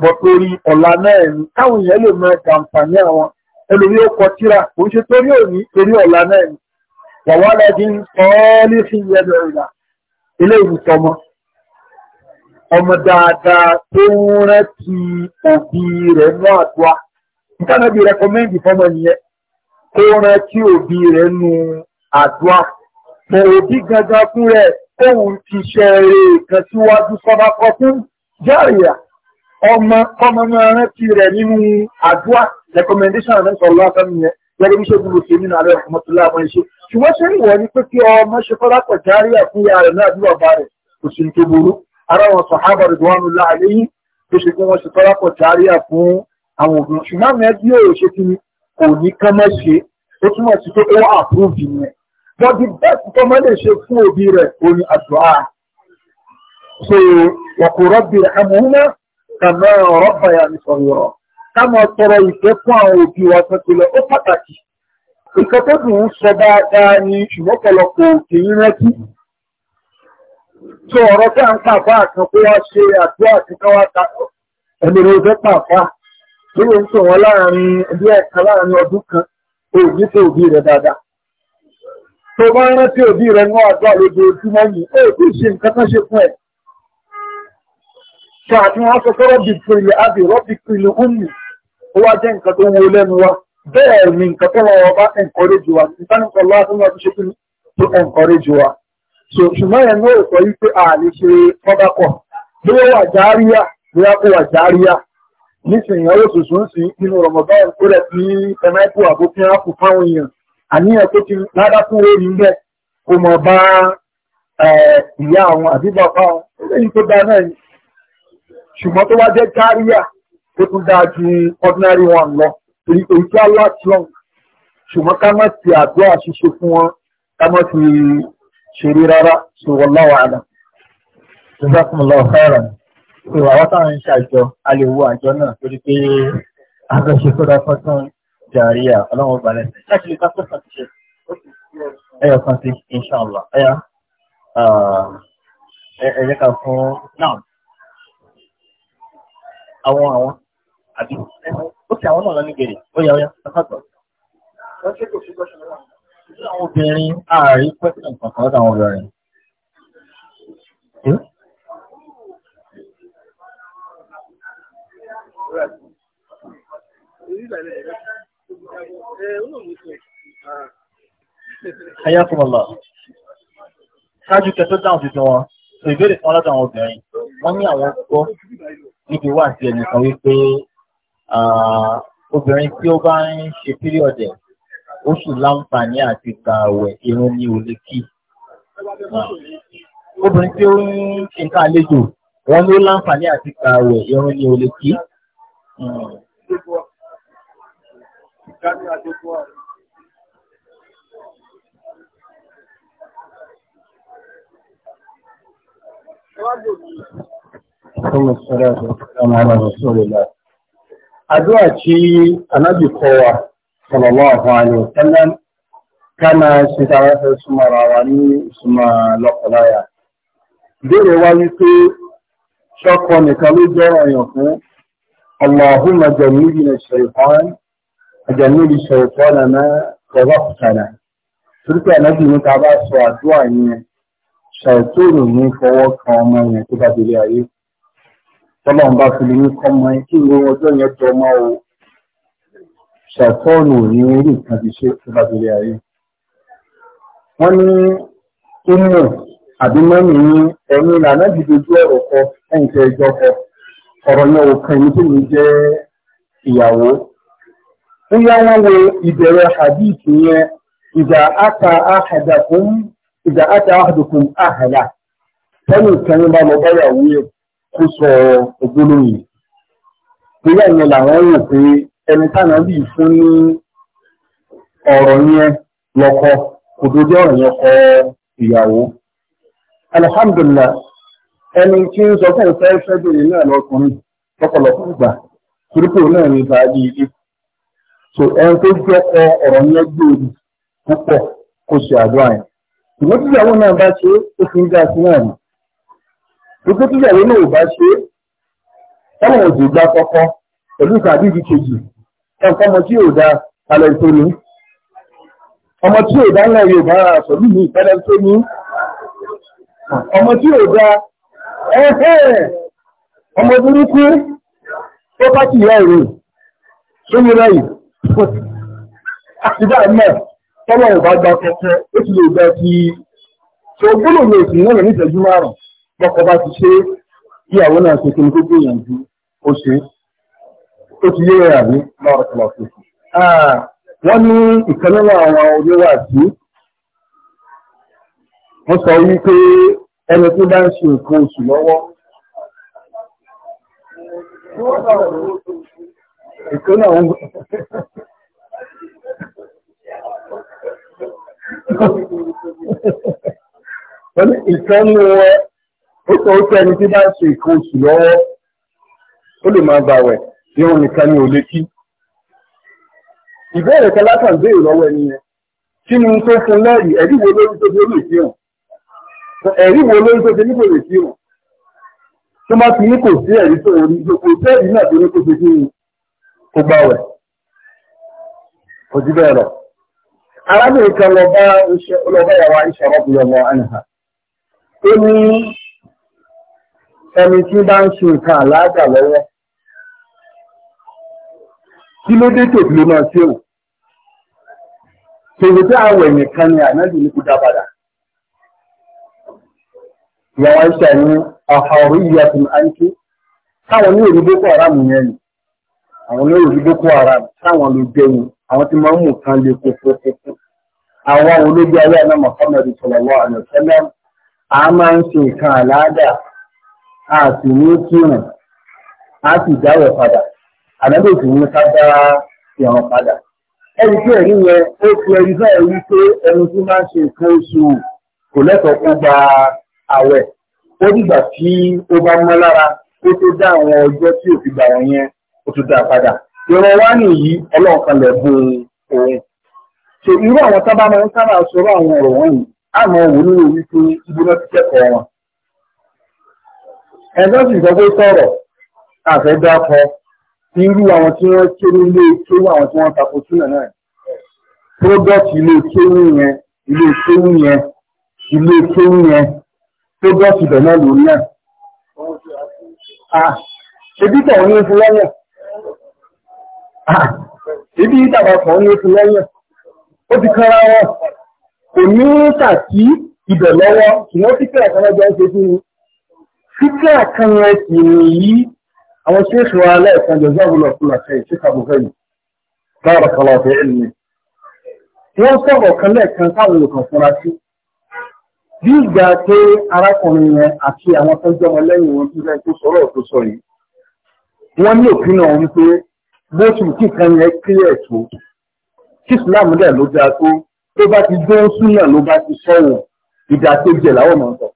bọ̀ torí ọ̀la náà ni káwọn èèyàn lè máa jàǹfààní àwọn ẹlòmí ó kọ tíra kò ń ṣe torí òní torí ọ̀la náà ni wàwá lẹ́dí ń fi yẹ lọ́rùn ilé ìwòsàn mọ́ ọmọ dáadáa tó ń rántí òbí rẹ̀ nú àdúrà ìtànàbí rẹkọmẹ́ndì fọmọ nìyẹn tó rántí òbí rẹ̀ nú àdúrà fún òbí gangan fún rẹ̀ tóun ti ṣe eré kan síwájú sọ́dákọ́ fún járíà ọmọ kọ́mọ máa rántí rẹ̀ nínú àdúrà recommendation rẹ̀ sọ̀rọ̀ lásán nìyẹn gẹ́gẹ́ bí ṣe gbogbo ṣe nínú ààrẹ ọmọtúlá àwọn iṣẹ́ ṣùgbọ́n ṣe ń wọ̀ ní pé kí ọmọ ṣe fọ́lápọ̀ járíà fún ìyá rẹ̀ náà bí bàbá rẹ̀ kò sí ní tó burú ara wọn sàhábà ridwanullahi alayhim tó ṣe pé wọ́n ṣe tọ́lápọ̀ járíà fún àwọn òbí ṣùgbọ́n àmì ẹbí yóò ṣe kí ni kò ní kán mọ́ ṣe ó túmọ̀ sí pé ó àpúrúfì nìyẹn but the best tọ́mọ lè ṣe fún òbí rẹ̀ ò ní àdúrà so wa qul rabbi irhamhuma kama rabbayani saghira ká máa tọrọ ìfẹ́ fún àwọn òbí wa tó ti lọ ó pàtàkì ìkẹ́tọ́dùn sọ dáadáa ní ṣùgbọ́n pọ̀lọpọ̀ òkè yín rántí tó ọ̀rọ̀ tí a ń pàpá àkàn pé wá ṣe àdúrà tí káwá ta tí ń tò wọ́n láàrin ẹbí ẹ̀ka láàrin ọdún kan òbí tó òbí rẹ̀ dáadáa tó bá rántí òbí rẹ̀ ní àdúrà lójoojúmọ́ yìí ó tí ṣe nǹkan kan ṣe fún ẹ̀ sọ àti wọn sọ bí àbí ó wá nǹkan tó wa ni nǹkan tó ṣùgbọ́n yẹn ní òòtọ́ yìí pé a lè ṣe kọ́bákọ̀ bí ó wà járíyà bí a kó wà járíyà nísìnyí ọwọ́ tuntun sí nínú rọmọbáwọn tó rẹ̀ sí ẹ̀mẹ́kù àbófin áàpù fáwọn èèyàn àníyàn tó ti ládá fún orí ńlẹ̀ kó mọ̀ bá ìyá àwọn àbí bàbá wọn eléyìí tó dá náà ṣùgbọ́n tó wá jẹ́ járíyà tó tún dáa ju ordinary one lọ èyí tó last long ṣùgbọ́n ká má ti àdúrà ṣíṣe fún wọn ká má ti ṣe rí rárá ṣe wọ lọ́wọ́ àdá ṣùgbọ́n fún lọ fẹ́ràn ṣe wà wọ́n táwọn ń ṣàjọ a lè wo àjọ náà torí pé àgbẹ̀ṣe tó dá fọ́tún jàríà ọlọ́wọ́ balẹ̀ láti lè kápẹ́ kan ti ṣe ẹyọ kan ti inṣàlá ẹyà ẹyẹ kan fún náà àwọn àwọn àbí ó ti àwọn náà lọ ní gèrè ó yà ó yà ó àwọn obìnrin ààrí pẹ́sìn kankan lọ́dọ̀ obìnrin. Ẹyá fún ọlọ́. Ṣáájú kẹtọ́ dáhùn tuntun wọn, tó ìbéèrè kan lọ́dọ̀ àwọn obìnrin, wọ́n ní àwọn gbọ́ níbi wà sí ẹnìkan wípé ah, obìnrin tí ó bá ń ṣe píríọ̀dẹ̀ ó sì láǹfààní àti kààwẹ̀ irun ní olè kí. obìnrin tí ó ń ṣe nǹkan àlejò wọn ló láǹfààní àti kààwẹ̀ irun ní olè kí. Àdúrà tí Ànábì kọ́ wa صلى الله عليه وسلم كما شتاء ثم راواني ثم لقلايا bèèrè wá wípé ṣọ́kọ nìkan ló jẹ́ ọ̀yàn fún Allahumma jannibna shaytan jannibna shaytan náà rọ́pùtànà turkey anábì ní ta bá sọ àdúrà yẹn ṣàìtòrò ní fọwọ́ kan ọmọ yẹn tó bá délé ayé tọ́lọ́mbà fi lè ní kọ́mọ kí ìwé ọjọ́ yẹn jọ máa o ṣàtọ́ọ̀nù ní orí nǹkan ti ṣe tó bá délé ayé wọ́n ní inú àbí mọ́nì ní ẹ̀yìn ìlànà ìdíjú ọ̀rọ̀ kọ ẹ̀yìn tẹ ẹjọ́ kọ ọ̀rọ̀ yẹn ò kan ẹni tí mi jẹ́ ìyàwó bóyá wọ́n wo ìbẹ̀rẹ̀ hadith yẹn ìdá ata ahadakum ìdá ata ahadukum ahala tẹ́lẹ̀ kan bá lọ báyàwó yẹn kó sọ ògbólóyìn ẹni tánà bí fún ní ọ̀rọ̀ yẹn lọ́kọ kò tó jẹ́ ọ̀rọ̀ yẹn kọ ìyàwó alhamdulillah ẹni tí ń sọ fún ìfẹ́ fẹ́bìnrin náà lọ́kùnrin lọ́pọ̀lọpọ̀ ìgbà torípò náà ní ìbàdí ilé so ẹni tó jẹ́ kọ ọ̀rọ̀ yẹn gbòòdì púpọ̀ kó ṣe àdúrà yẹn ìwọ́n tí ìyàwó náà bá ṣe ó fi ń dá sí náà ni gbogbo tí náà ò bá ṣe ọ̀rọ̀ òjò gbá kọ́kọ́ pẹ̀lú ìkàdí ìdíkejì ẹ̀kọ́ ọmọ tí ò dáa kalẹ̀ tó ní ọmọ tí ò dáa ńlá Yorùbá àṣọ̀lú mi kalẹ̀ tó ní ọmọ tí ò dáa ẹ̀hẹ́ ọmọ burúkú tó bá ti yá ìrè tó ní ráyì àtibá náà tọ́lọ̀ ìbá gba kọ̀ọ̀kan ó ti lè gba ti tó gbólóhùn èsì náà ní ìtẹ́jú márùn-ún lọ́kọ̀ bá ti ṣe ìyàwó náà ṣe kí n tó gbìyànjú ó ṣe é ó ti yé àbí lọ́rọ̀ kọlọ̀ fún un. wọ́n ní ìkànnì àwọn oníwà sí wọ́n sọ wípé ẹni tó bá ń ṣe nǹkan oṣù lọ́wọ́ ìkànnì àwọn wọ́n ní ìkànnì wọn ó sọ wípé ẹni tó bá ń ṣe nǹkan oṣù lọ́wọ́ ó lè máa gbà irun nìkan ni ò lè kí ìbéèrè kan látàn béèrè lọ́wọ́ ẹni yẹn kí ni tó fún lẹ́rìí ẹ̀rí wo lórí tó fi lè fi hàn ẹ̀rí wo lórí tó fi ní kò lè fi hàn tó má ti ní kò sí ẹ̀rí tó rí kò sí ẹ̀rí náà tó ní kò ṣe kí ni kò gbà wẹ̀ kò jí bẹ́ẹ̀ lọ. arábìnrin kan lọ bá lọ́ba ìyàwó àìsàn ọkùnrin ọmọ àìsàn ó ní ẹni tí bá ń ṣe nǹkan àlàáfíà lọ́wọ́ kí ló dé tòbí ló máa ṣe a tòbí tí àwẹ̀ nìkan ni ànájú ní kú dábàdà ìyàwó aṣọ ní àhàrí ìyàtùn àìkú táwọn ní òní boko haram yẹn ni àwọn ní òní boko haram táwọn ló jẹun àwọn tí máa ń mú kan lè àwọn ayé àná sallallahu alaihi a máa ń ṣe nǹkan a sì ní kírun a sì padà. àdájọ́ òsì ní ká dá ìràn padà ẹni tí ẹ̀rí yẹn ó fi ẹni báyìí wí pé ẹni tí máa ń ṣe nǹkan oṣù kò lẹ́tọ̀ọ́ kó gba àwẹ̀ ó dìgbà tí ó bá mọ́ lára ó tó dá àwọn ọjọ́ tí ò fi gbà wọ́n yẹn ó tó dá padà ìrọ̀ wá nìyí ọlọ́run kan lẹ̀ bùn òun ṣe irú àwọn tábà máa ń sábà sọ̀rọ̀ àwọn ọ̀rọ̀ wọ̀nyí àmọ́ òun nínú wípé ibùdó ti kẹ́kọ̀ọ́ wọn ẹ̀dọ́ sọ pé sọ̀rọ̀ àfẹ́dọ́kọ irú àwọn tí wọ́n ké ní ilé kéwú àwọn tí wọ́n tako súnà náà product ilé kéwú yẹn ilé kéwú yẹn ilé kéwú yẹn product ibẹ̀ náà lòun náà ah, ṣebí tàwọn ní fún lọ́yẹ̀ ah, ṣebí tàwọn kan ní fún lọ́yẹ̀ ó ti kára wọn kò ní tàkí ibẹ̀ lọ́wọ́ ṣùgbọ́n fíkẹ́ àkànlọ́jọ́ ń ṣe fún mi fíkẹ́ àkànlọ́ ẹ̀sìn nìyí àwọn ṣéèṣì wa lẹ́ẹ̀kan jẹ́ zọ́ọ̀bùlọ̀ fún àṣẹ ìṣẹ́kà bùfẹ́yì bára kọlọ̀fẹ́ ìlú wọ́n sọ̀rọ̀ kan lẹ́ẹ̀kan táwọn olùkàn fúnra sí bí ìgbà pé arákùnrin yẹn àti àwọn tó jọmọ lẹ́yìn wọn tó lẹ́yìn tó sọ̀rọ̀ tó sọ yìí wọ́n ní òpin náà wípé bó ti kí kan yẹn kílẹ̀ tó kí Islam dẹ̀ ló dáa tó tó bá ti dún súnà ló bá ti sọ̀wọ̀n ìdàkejì ẹ̀ láwọn mọ̀ ń sọ̀rọ̀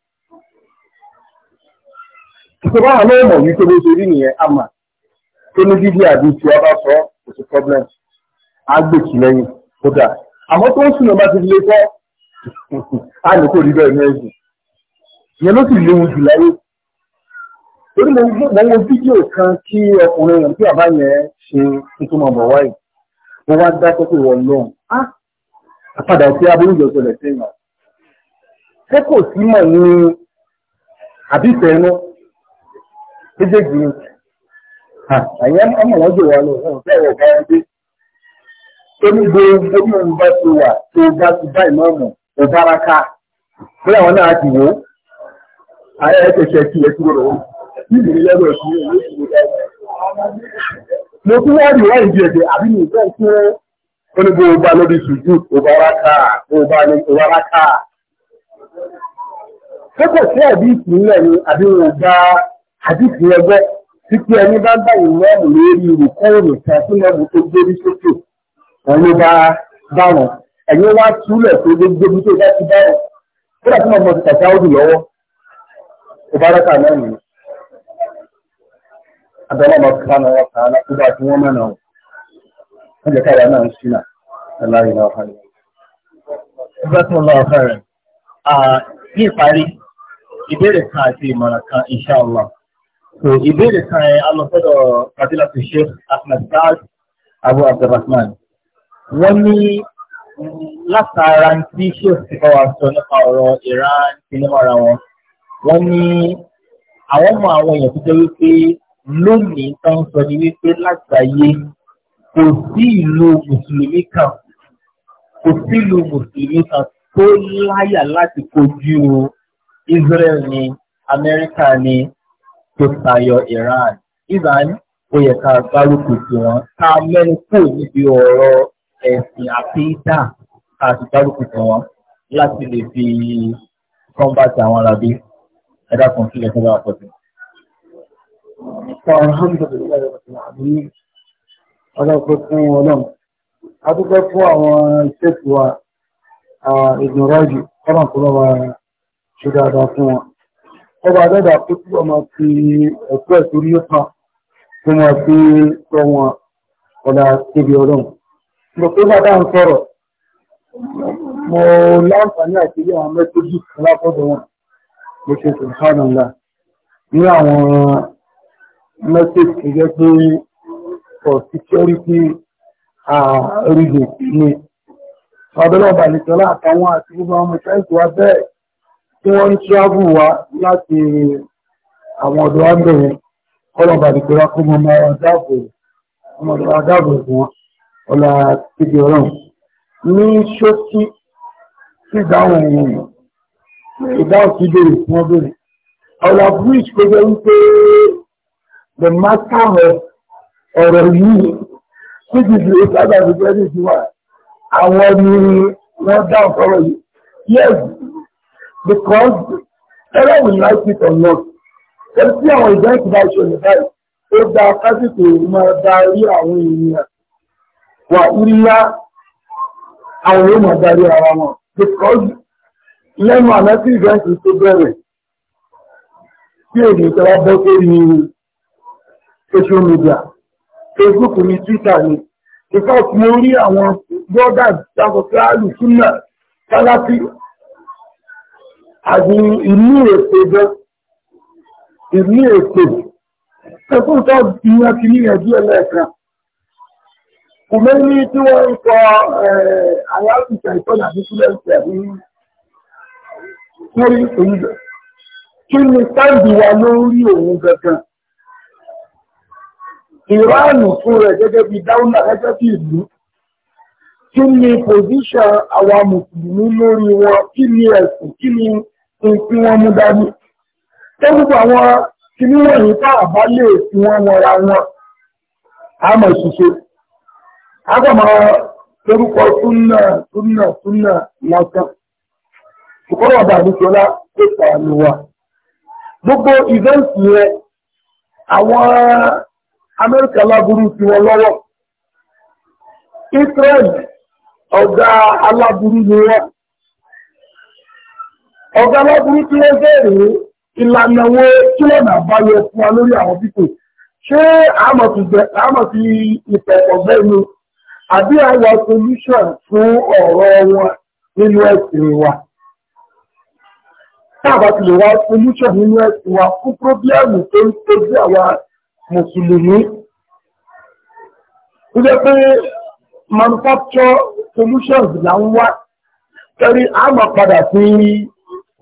Ìṣòro àwọn náà mọ̀ wípé bó ṣe rí nìyẹn a mà tó ní dídí àbí tí wọ́n bá sọ kò sí problem á gbèsè lẹ́yìn kódà. Àmọ́ tó ń sùn bá ti lé kọ́ á ní kò rí bẹ́ẹ̀ ní ẹ̀sìn. Ìyẹn ló sì léwu jù láyé. Torí mo wo fídíò kan kí ọkùnrin yẹn tí bàbá yẹn ṣe tuntun mọ̀ bọ̀ wáyìí. Mo wá dákẹ́ pé wọ́n lọ́hùn. Á àpadà sí aburú ìjọsọ̀lẹ̀ sí ìmọ̀. Ṣé kò sí mọ̀ ní àbí ìfẹ́ náà? méjèèjì ni àyẹ́ ọmọ wọn jò wà lọ wọn fẹ́ wọ̀ bá wọn dé ó ní gbogbo bí òun bá ti wà tó bá ti bá ìmọ̀ọ̀mù ò bára ká bí àwọn náà ti wò ó ààrẹ ẹ̀kẹ̀kẹ̀ kí ẹ kúrò lọ́wọ́ níbi ní lẹ́gbẹ̀ẹ́ sí ìwé ìwé mo tún wá rí wáyé díẹ̀ díẹ̀ àbí mi fẹ́ kí wọ́n ó ní gbogbo bá lórí sùjú ò bára ká ò bára ká. Kókò sí ẹ̀bí ìpínlẹ̀ ni àbí wọn ò gbá àdìsí ẹgbẹ́ títí ẹni bá gbà ìmọ̀ọ́mù lórí ìrùkọ́ọ̀nù kan tí mọ̀ọ́mù tó gbórí sókè wọn ló bá bá wọn ẹ̀yin wá túlẹ̀ tó ló gbórí tó bá ti bá wọn kódà tí mọ̀ọ́mù ti tàṣà òdì lọ́wọ́ ìbáraka náà nìyí abẹ́lẹ́ ọmọ kan náà wọ́n kàn án lákúgbà tí wọ́n mẹ́nà ọ̀ wọ́n jẹ́ káyà náà ń ṣí náà ẹ̀láyìn náà fà yẹn. ẹgbẹ́ tó ń lọ So ìbéèrè kan ẹ̀ alọ́sọ́dọ̀ Fadilatu Sheikh Ahmed Saad Abu Abdulrahman. Wọ́n ní látara tí Sheikh ti bá wa sọ nípa ọ̀rọ̀ Iran ti ní mọ́ra wọn. Wọ́n ní àwọn ọmọ àwọn èèyàn tó jẹ́ wípé lónìí tó ń sọ ni wípé lágbàáyé kò sí ìlú Mùsùlùmí kan kò sí ìlú Mùsùlùmí kan tó láyà láti kojú Israel ní Amẹ́ríkà ní tó tayọ Iran Iran ó yẹ ká gbárùkù sí wọn ká mẹ́nu kúrò níbi ọ̀rọ̀ ẹ̀sìn àti ìdá ká sì gbárùkù sí wọn láti lè fi kọ́ńbàtì àwọn arábí ẹ̀dá kan sílẹ̀ tó bá pọ̀ sí. alhamdulilayi ọlọ́pẹ́ fún ọlọ́run a dúpẹ́ fún àwọn ìṣètò ìgbìnrọ́jù kọ́nà kúrò wa ṣe dáadáa fún wọn ọba dẹ́dà tó tí ọmọ fi ẹ̀tọ́ ìtorí ọ̀tàn tó máa fi tọ́ wọn ọ̀dà tóbi ọlọ́run. mo pé bàbá ń sọ̀rọ̀ mo láǹfààní àti ilé àwọn mẹ́tọ́jú alábọ́dọ̀ wọn mo ṣe sùnkánà ńlá ní àwọn mẹ́tọ́jú tó jẹ́ pé for security reason ni. ọ̀dọ́lọ́ba nìkan láàtàwọn àti gbogbo àwọn mẹ́tọ́jú wa bẹ́ẹ̀ tí wọ́n ń travel wá láti àwọn ọ̀dọ̀ àgbẹ̀ yẹn kọ́lọ̀bà nìkúra kó mọ ọmọ adáàbò ọmọdé adáàbò wọn ọlá tíbi ọlọ́run ní ṣókí sí ìdáhùn ẹ̀yìn yìí ìdáhùn sí béèrè fún ọ béèrè ọlá bridge kó jẹ́ wípé the master of ọ̀rọ̀ yìí síbi ìlú sábà ní ìdíwà àwọn ni wọ́n dáhùn sọ́rọ̀ yìí yes because whether we like it or not ẹ tí àwọn ìdáǹkì bá ṣẹlẹ̀ báyìí ó gba kásìkò máa darí àwọn ènìyàn wà ńlá àwọn yóò máa darí ara wọn because lẹ́nu àná tí ìdáǹkì tó bẹ̀rẹ̀ tí èdè ìjọba bọ́ sórí social media Facebook ni Twitter ni because mo rí àwọn a jákòó kíláàlù súnmọ́ sálápì àbí ìlú èpè gan ìlú èpè ẹkùn tó bí wọn ti níyànjú ẹlẹ́ẹ̀kan kùmẹ́ ní tí wọ́n ń kọ aláàbìsà ìtọ́nà àbíkúlẹ̀ ìpẹ̀lú lórí òun kí ni sáàbì wa lórí òun gangan ìránù fún rẹ̀ gẹ́gẹ́ bí dáúnà gẹ́gẹ́ bí ìlú kí ni pòsíṣàn àwọn mùsùlùmí lórí wọn kí ni ẹ̀sùn kí ni tí wọ́n mú dání. Tó gbogbo àwọn kìíní wọ̀nyí tá a bá lè fi wọ́n wọra wọn, a mọ̀ ṣiṣẹ́. A kò mọ torúkọ súnà wa. Gbogbo ìvẹ́ǹtì yẹn, àwọn Amẹ́ríkà ti wọn lọ́wọ́. Israel ọ̀gá aláburú ọ̀gá aláburú tí wọ́n bẹ̀rẹ̀ ìlànà wo kí bá àbáyọ fún wa lórí àwọn pípò ṣé àmọ̀ fi ọ̀gbẹ́ àbí àwọn solution fún ọ̀rọ̀ wọn nínú ẹ̀sìn wa táàbà ti lè wá solution nínú ẹ̀sìn wa fún pírọ́bíàmù tó ń tọ́jú àwa mùsùlùmí ó jẹ́ pé manufacture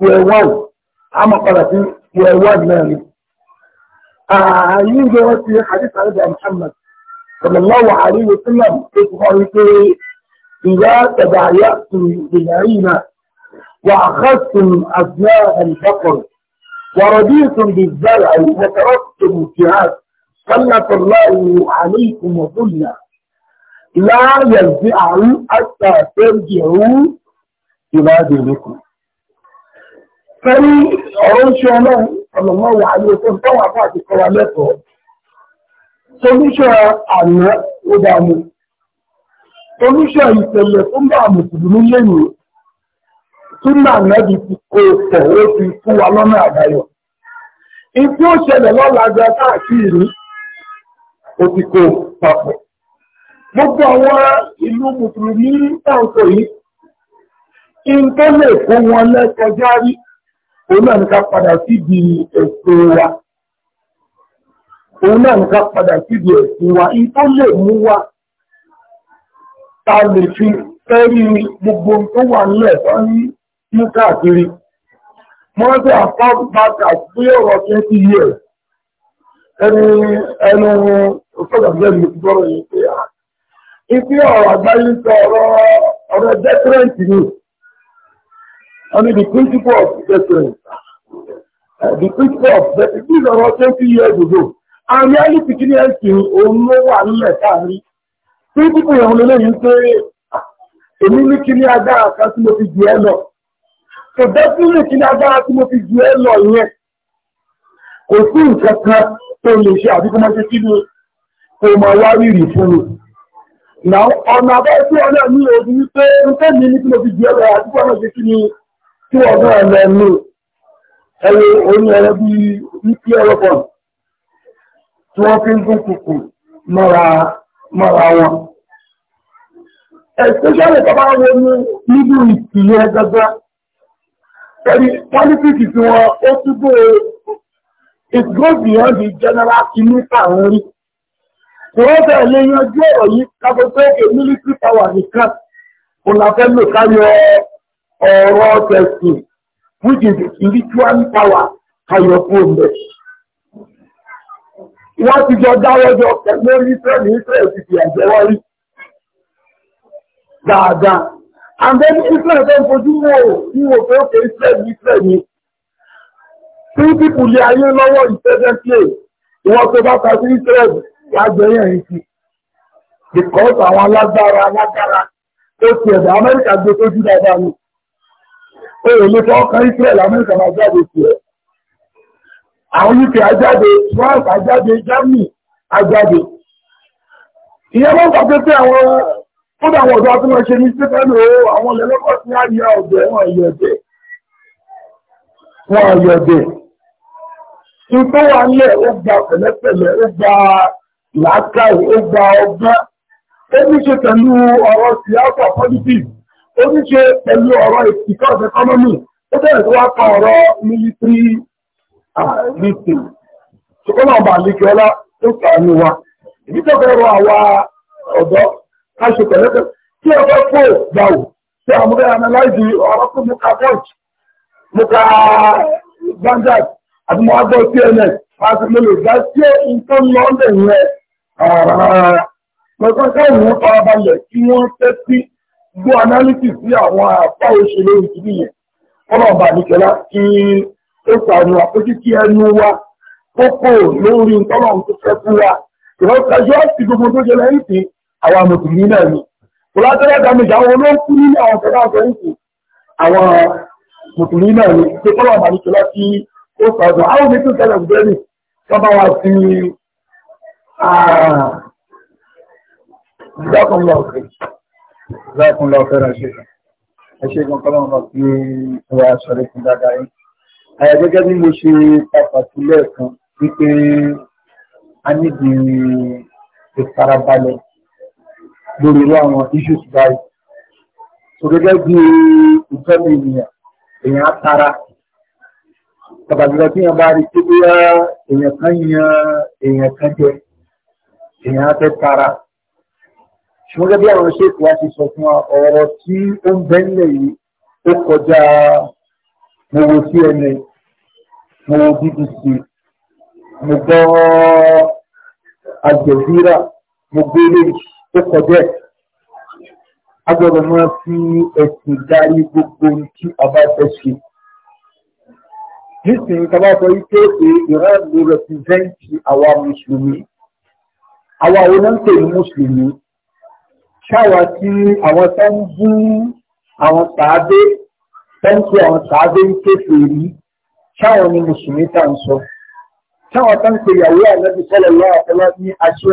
year one a máa padà sí year one náà ni. ààyè ìjọ wọn ti hadith alẹ́dà muhammad sallallahu alayhi wa sallam tó ti kọ́ wípé ìyá tẹ̀dà ayá tún ìyàrí náà wà á kọ́ tún àbúrò àlùfákọ̀rọ̀. ورضيتم بالزرع وتركتم الجهاد سلط الله عليكم وظلنا لا ينزعه حتى ترجعوا إلى دينكم Pẹ̀lú ọ̀rọ̀ ń ṣe ọlọ́run ọ̀nàmọ́ wà ní oṣù tọ́wọ́ àpá àti kọ́ra lẹ́kọ̀ọ́. Solúṣọ̀ àná ìṣẹ̀lẹ̀ tó ń bá lẹ́yìn ti kó pọ̀ ó fún wa lọ́nà ó ṣẹlẹ̀ káàkiri ó ti kó papọ̀. Gbogbo àwọn ìlú Mùsùlùmí táwọn yìí, in lè kó wọn òun náà padà síbi ẹ̀sìn wa òun náà ní padà síbi ta lè fi gbogbo tó wà nílẹ̀ tó kaakiri. mú káàkiri wọ́n tẹ́ àpáàbáka pé ọ̀rọ̀ tí ó ti yẹ ẹni ẹnu ọ̀sọ́gbàgbẹ́ni ti gbọ́rọ̀ yìí pé ọrụ ah, ọrụ ọ̀rọ̀ ni. I mean, the principle of deference, uh, the principle of deference, these are all 20 years ago. And really beginning anything, òun ló wà nílẹ̀ káàrí. Principle yẹn òun lélẹ́yìn pé èmi ní kí ní agbára kan tí mo fi jù ẹ lọ. Kò dẹ́kun ní kí ní agbára tí mo fi jù ẹ lọ yẹn. Kò sí nǹkan kan tó lè ṣe àbí kó máa ṣe kí ni kò máa wá rírì fún mi. Ọ̀nà àbáyé tí wọn náà ní òbí wípé ń tẹ́lẹ̀ ní kí mo fi jù ẹ lọ máa ṣe kí ni tí wọ́n náà lọ ní ẹyẹ orí ẹrẹ bí wípé ọlọ́pọ̀ tí wọ́n fi ń gún kùkù mọ́ra wọn. Especially tó bá wọ́n ní níbi ìpìlẹ̀ gẹ́gẹ́. Ẹni pọ́lítíkì tí wọ́n ó túbọ̀ e. it goes beyond the general kìíní àwọn rí. Wọ́n fẹ́ lè yanjú ọ̀rọ̀ yìí kábọ̀ tó èké military power nìkan. Òun la fẹ́ lò káyọ̀ ẹ̀ ọ̀rọ̀ tẹ̀sìn which is spiritual power for ayọ̀ fún ọmọ wọ́n ti jọ dáwọ́jọ pẹ̀lú israel ní israel ti fi àjẹwọ́ rí dáadáa and then israel fẹ́ fojú wò wíwò pé ó pé israel ní israel ni Three people lé ayé lọ́wọ́ ìfẹ́fẹ́ sí èyí ìwọ́n tó bá ta sí israel lágbẹ̀yẹ̀ yìí sí because àwọn alágbára alágbára ó ti ẹ̀dá amẹ́ríkà gbé tó jù dáadáa ni ó yẹ lè fọ́ kan Israel Amẹ́ríkà máa jáde sí ẹ̀ àwọn UK ajáde France ajáde Germany ajáde ìyẹn wọ́n gbà pé pé àwọn fún àwọn ọ̀dọ́ tí wọ́n ṣe ní stephen o àwọn lẹ́lọ́kọ̀ sí àyà ọ̀dẹ̀ wọn yọ̀dẹ̀ wọn yọ̀dẹ̀ tí tó wà ń lẹ̀ ó gba pẹ̀lẹ́pẹ̀lẹ́ ó gba làákàyè ó gba ọgbọ́n ó ní ṣe pẹ̀lú ọ̀rọ̀ síyáfà positive ó ní ṣe pẹ̀lú ọ̀rọ̀ ìkọ́ọ̀sì economy ó bẹ̀rẹ̀ tó wá pa ọ̀rọ̀ military meeting ṣùgbọ́n àwọn àlejò ọlá tó sàánú wa èyí tó fẹ́ rọ àwa ọ̀dọ́ ká ṣe pẹ̀lẹ́pẹ̀ tí ọjọ́ pò gbàù tí àwọn ọmọdé analyze ọ̀rọ̀ tó mú ká voice mú ká Vanguard àti mú agbọ́ CNN láti mú lè dá sí nǹkan lọ́ndẹ̀ yẹn rárá. Mọ̀ọ́kọ́ káwọn ọ̀rọ̀ balẹ̀ kí gbọ́ analysis sí àwọn apá òṣèlú ìdílé yẹn ọlọ́ọ̀bà nìkẹ́lá kí ó sàánú àpótí kí ẹnu wa kókó lórí ìtọ́lọ́run tó fẹ́ fún wa ìrọ́sàjọ́ sí gbogbo tó jẹ́ lẹ́yìn tí àwọn mùsùlùmí náà ni collateral damage àwọn olóńkú nínú àwọn ọ̀sẹ̀dá ọ̀sẹ̀ ń kù àwọn mùsùlùmí náà ni pé ọlọ́ọ̀bà nìkẹ́lá kí ó sàánú àwọn omi tó ṣẹlẹ̀ gbẹ́rì tọ́ba wa sí ìdákanlọ́ọ̀sẹ̀ Zákun lọ fẹ́ràn ṣẹ́gun. Ẹ ṣẹ́gun kọ́lọ́ lọ sí ìwà aṣọ́rẹ́ fún dáadáa yìí. Àyà gẹ́gẹ́ bí mo ṣe pàtàkì lẹ́ẹ̀kan wípé a níbi ìfarabalẹ̀ lórí irú àwọn issues báyìí. So gẹ́gẹ́ bí ìtọ́ni ènìyàn, èèyàn á tara tàbàjúlọ tí wọ́n bá rí tí ó bóyá èèyàn kan yan èèyàn kan jẹ èèyàn á tara ṣùgbọ́n gẹ́gẹ́ bí àwọn ṣèkù wá ti sọ fún wa ọ̀rọ̀ tí ó ń bẹ́ nílẹ̀ yìí ó kọjá mo wo cna mo wo bbc mo gbọ́ àjẹ̀bíra mo gbé lórí ó kọjá ẹ̀ a gbọ́dọ̀ máa fi ẹ̀sìn darí gbogbo tí a bá fẹ́ ṣe. nísìnyí tá bá sọ wípé ìran ló rẹpìrẹ́ǹtì àwa mùsùlùmí àwa onáńtẹ̀ ní mùsùlùmí ṣáwà tí àwọn tó ń bú àwọn tàádé tó ń pè àwọn tàádé ń kéfè rí ṣáwà ni mùsùlùmí tà ń sọ ṣáwà tó ń pè ìyàwó ànábi sọlọ lọ àtọlá ní aṣẹwó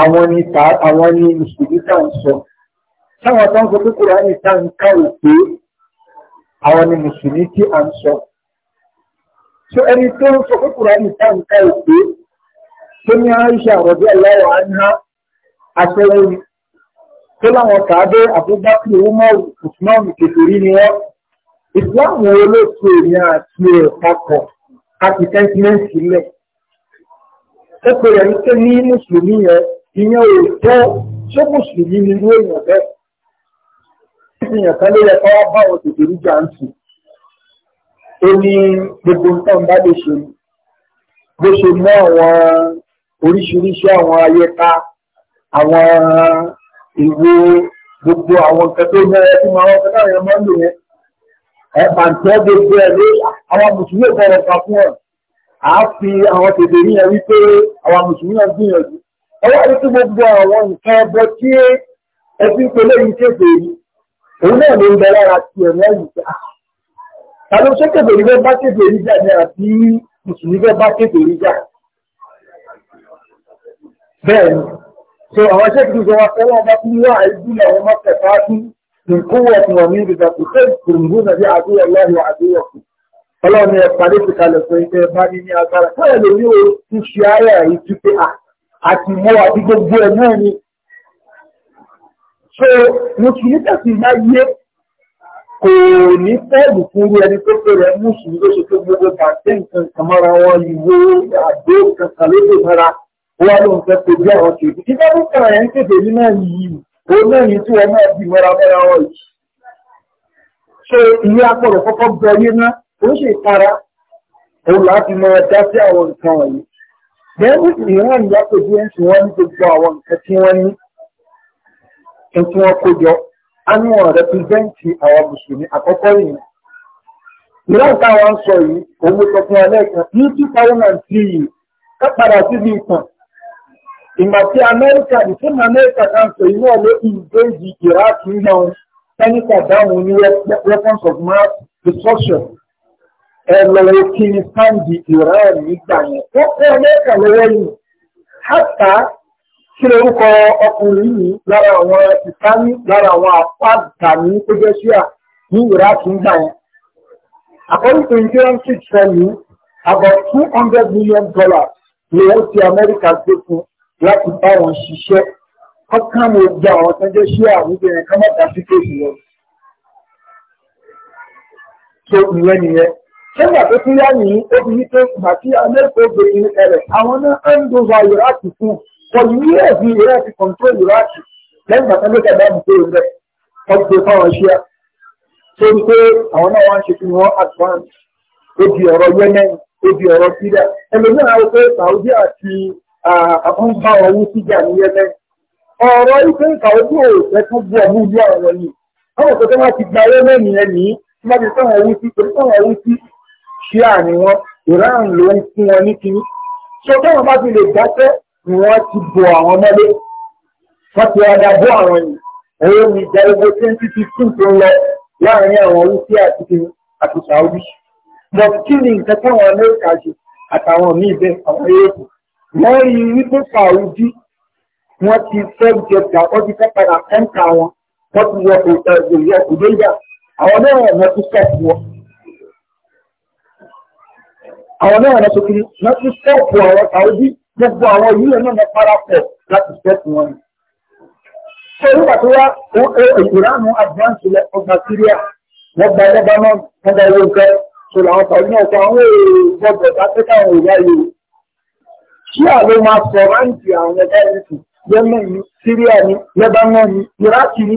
àwọn ni àwọn ni mùsùlùmí tà ń sọ ṣáwà tó ń sọ pé kúránì tá ń ká òpè àwọn ni mùsùlùmí tí à ń sọ so ẹni tó ń sọ pé kúránì tá ń ká òpè tó ní aisha rọ̀bí aláwọ̀ á ń hàn aṣẹ́wó ni tó láwọn kàádé àbúgbàkì umar usman kèfèrí ni wọ́n islam wo ló so èmi àti ẹ̀ àti sentiment sílẹ̀ ó pe rẹ̀ ní ní mùsùlùmí yẹn ìyẹn ò tó ṣé mùsùlùmí ni irú èèyàn bẹ́ẹ̀ ìyẹn kan ló yẹ káwá báwọn tètè rí jàǹtì ó ní gbogbo nǹkan bá lè ṣe bó ṣe mú àwọn oríṣiríṣi àwọn ayẹta àwọn ìwé gbogbo àwọn nǹkan tó mẹ́rẹ tí máa wọ́n fẹ́lá ìyẹn máa ń lò yẹn ẹ̀bàǹtẹ́ gbogbo ẹ̀ lé àwọn mùsùlùmí ọ̀gọ̀rọ̀ kan fún ẹ̀ á fi àwọn tètè ní ẹ̀ wípé àwọn mùsùlùmí náà gbìyànjú ọwọ́ àti tí gbogbo àwọn nǹkan ẹbọ tí ẹ fi ń pe lẹ́yìn kéde yìí òun náà ló ń bẹ lára ti ẹ̀ lẹ́yìn pé ah, ta ló ṣe kéde yìí fẹ́ bá kéde yìí jà ní àbí mùsùlùmí fẹ́ bá kéde yìí jà bẹ́ẹ̀ ni so àwọn ṣe kìí jọ wa tẹ́lọ̀ bá tún wá àìjú àwọn mọ́tẹ̀fà tún ní kúwọ̀ tí wọ́n ní ìdìbò kò fẹ́ gbòǹgbò nàbí àdúrà lọ́wọ́ àdúrà kù ọlọ́run ni ẹ̀pà lè fi kalẹ̀ pé ẹ bá ní ní agbára káyọ̀ lè ní orí tún ṣe ayé àyè tí pé àti mọ́ àti gbogbo ẹ̀ náà ni. so mùsùlùmí tẹ̀sí máa kò ní fẹ́ẹ̀lù fún irú ẹni tó pèrè mùsùlùmí ló ṣe tó gbogbo bàtẹ́ nǹkan kàmọ́ra wọn ìwé àdó kankan ló dé wá ló ń fẹ́ kojú àwọn kèfì kí bá bùkà rẹ̀ ń kéde ní náà yìí ó náà ní tí wọn náà bí mọ́ra mọ́ra wọn yìí ṣé ìwé akọ̀rọ̀ kọ́kọ́ bọ yé ná ó ṣe ìtara òun láti máa dá sí àwọn nǹkan wọ̀nyí bẹ́ẹ̀ ní ìran ìyá kojú ẹ̀ ń sìn wọ́n ní gbogbo àwọn nǹkan tí wọ́n ní tí wọ́n kó jọ annual representi àwọn mùsùlùmí àkọ́kọ́ yìí ìran táwọn ń sọ yìí òun sọ fún alẹ́ kan ní two thousand and three yìí ká padà síbi ìtàn ìgbà tí amẹ́ríkà ní fún amẹ́ríkà kan sọ inú ọ̀lẹ́ ìgbéjì iraq nínú sẹ́nìkà dáhùn ní weapons of mass destruction ẹ lọ́wọ́ kí ni sáǹdì iran nígbà yẹn wọ́n kọ́ amẹ́ríkà lọ́wọ́ yìí hàtà kí lórúkọ ọkùnrin yìí lára àwọn ìsáni lára àwọn àpáàdà ní pẹ́jẹ́síà ní iraq nígbà yẹn according to insurance sheet sẹ́yìn about two hundred million dollars ni wọ́n ti amẹ́ríkà gbé fún un láti bá wọn ṣiṣẹ́ kọ́kàn lè gba àwọn tó jẹ́ ṣé àwùjọyìn ká má dá sí kéèsì lọ. tó ìyẹn nìyẹn sẹ́gbà tó tún yá nìyí ó fi wípé ìgbà tí amẹ́kọ̀ọ́ gbèrè ní ẹ̀rẹ̀ àwọn náà ń dova iraki fún for years ní iraki control iraki lẹ́yìn bàtà ló tẹ̀lé àbùkù rẹ̀ ọ̀gbẹ́ fáwọn ṣíà tó ń pé àwọn náà wá ń ṣe kí wọ́n advance ó ọ̀rọ̀ yẹ́mẹ́ni ó ọ̀rọ̀ sídà ẹlòmíràn á wọ́pẹ́ sàúdí àti àwọn bá owó síjà ní yẹmẹ ọ̀rọ̀ ìpín ìkàwé tí ò fẹ́ tó gbé ọmú ilé ọ̀rọ̀ ni àwọn òkè tó wá ti gba owó mẹ́rin yẹn ní tí wọ́n ti sọ̀rọ̀ owó sí torí sọ̀rọ̀ owó sí ṣíà ni wọ́n ìran ló ń fún wọn ní kíní ṣé kí wọ́n bá fi lè dáṣẹ́ ni wọ́n ti bo àwọn mọ́lé wọ́n ti ọ̀dà bó àwọn yìí ẹ̀rọ mi jẹ́ owó twenty fifteen tó ń lọ láàrin àwọn owó sí àti kíní àti sàúdì bọ̀ kí ni nǹkan táwọn amẹ́ríkà ṣe àtàwọn míì bẹ́ẹ̀ àwọn yóò wọ́n rí wípé sàwùjí wọ́n ti fẹ́ jẹta wọ́n ti fẹ́ padà kẹ́ńtà wọn wọ́n ti wọ òyìnbó òdó ìjà àwọn náà wọ́n ti sọ́ọ̀pù wọn. àwọn náà wọ́n ti wọ́n ti sọ́ọ̀pù àwọn sàwùjí gbogbo àwọn ìlú náà wọ́n parapọ̀ láti sọ́ọ̀pù wọn. ṣé nígbà tó wá ìránù advance lẹ ọgbà Syria wọ́n gba Lebanon wọ́n gba owó nǹkan ṣòlò àwọn sàwùjí náà sọ àwọn èèyàn gbọdọ̀ ṣíà ló máa sọ̀ráǹtì àwọn ẹ̀dá ẹ̀sìn yẹ́mẹ̀ ní síríà ní lẹ́bánà ní iraki ní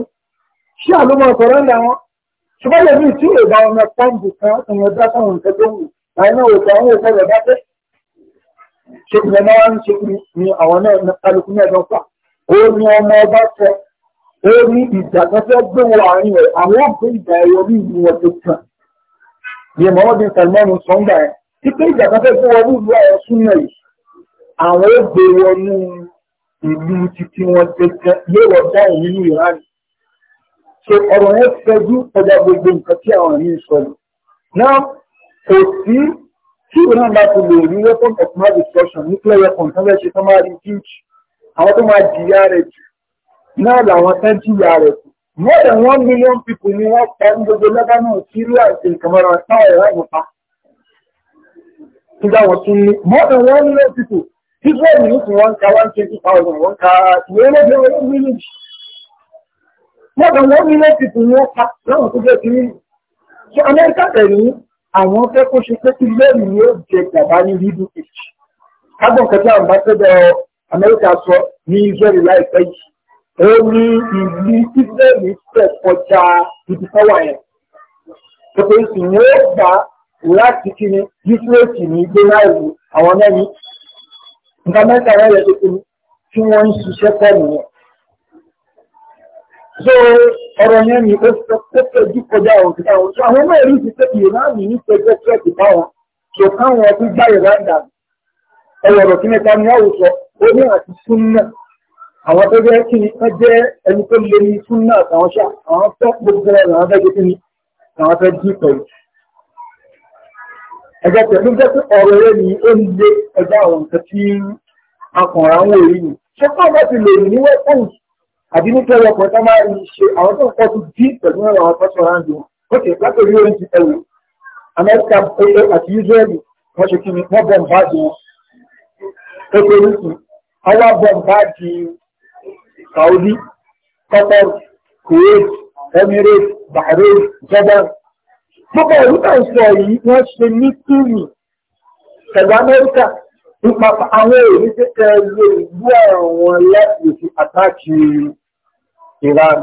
ṣíà ló máa sọ̀ráǹtì àwọn ṣùgbọ́n lèmi tí ò bá ọmọ pọ́ǹpù kan ìwọ̀n dá sáwọn nǹkan tó wù àìní òkè àwọn òkè rẹ̀ dákẹ́ ṣe ìyẹn náà ń ṣe ni àwọn náà kálukú náà lọ fà ó ní ọmọ ọba sọ ó ní ìjà kan fẹ́ gbé wọ àárín rẹ̀ àwọn òkè ìjà ẹ̀yọ ní ìlú wọn tó kàn bí Mohammed bin Salman ẹ̀ títí ìjà kan fẹ́ gbé wọ ní ìlú àwọn súnmọ́ yìí àwọn ó gbé wọnú ìlú títí wọn gẹ́gẹ́ léwọ̀ dáhùn nínú Iran so ọ̀rọ̀ yẹn fẹjú kọjá gbogbo nǹkan tí àwọn àmì sọ̀rọ̀ náà kò sí tí Iran bá ti lè rí weapon of mass destruction nuclear weapon tó fẹ́ ṣe tó máa rí jíjì àwọn tó máa jìyà rẹ̀ jù náà làwọn tán jìyà rẹ̀ jù more than one million people ni wọ́n pa ní gbogbo lẹ́gbẹ̀ẹ́ Syria àti ìkàmọ́ra táwọn ẹ̀rọ ìmọ̀ta. More than one million people Israel ní kí wọ́n ka one twenty thousand wọ́n ka ìwé lóde ọdún village. Wọ́n kàn wọ́n nílé tìtì ní ọ̀pá láwọn tó jẹ́ ti rí. Ṣé Amẹ́ríkà tẹ̀lé àwọn fẹ́ kó ṣe pé Israel ni ó jẹ gàba ní Middle East. Kábọ̀n kẹta àmbásẹ́dọ̀ America sọ ní Israel láìpẹ́ yìí. Ó ní ìlú Israel tẹ̀ kọjá ibi sọ́wọ́ yẹn. Tọ́pẹ́ ìsìn ni ó gbà láti kí ni Israel sì ní gbé láìwò àwọn náà nǹkan mẹ́ta wọ́n yẹ tuntun tí wọ́n ń ṣiṣẹ́ pọ̀ nìyẹn. so ọ̀rọ̀ yẹn ni ó fẹ́jú kọjá òkè táwọn tó àwọn mẹ́rin ti pé ìránì ní pẹjọ́ kẹ́ẹ̀kì báwọn tó káwọn ẹbí gbá ìránì ọ̀rọ̀ kí mẹ́ta ni àwùjọ ó ní àti súnmọ́ àwọn tó jẹ́ kí ni wọ́n jẹ́ ẹni tó lé ní súnmọ́ àtàwọn ṣá àwọn fẹ́ gbogbo ẹ̀rọ àwọn fẹ́ gbé kí ni àwọn fẹ́ dín pẹ̀lú ẹ̀jẹ̀ pẹ̀lú jẹ́ pé ọ̀rọ̀ rẹ̀ ní ó ń lé ẹgbẹ́ àwọn nǹkan tí akọ̀ọ̀rọ̀ àwọn èyí ni ṣé kí wọ́n bá ti lè rìn ní weapons àbí ní kẹrẹ ọkọ̀ tá máa ń ṣe àwọn tó ń kọ́ ti dí pẹ̀lú ẹ̀rọ àwọn tọ́sọ̀ ráńdì wọn ó ti pàtó rí orin ti ẹ̀wù amẹ́ríkà àti israẹli wọ́n ṣe kí ni wọ́n bọ̀ ń bá wọn ó pé nìkú bọ̀ ń bá saudi qatar kuwait emirates bahrain jordan Gbogbo òrùka ìsọ yìí wọ́n ṣe ní kíìmì pẹ̀lú Amẹ́ríkà nípa àwọn èrí tẹ́tẹ́ lè gbú àwọn láti fi àtàkì Iran.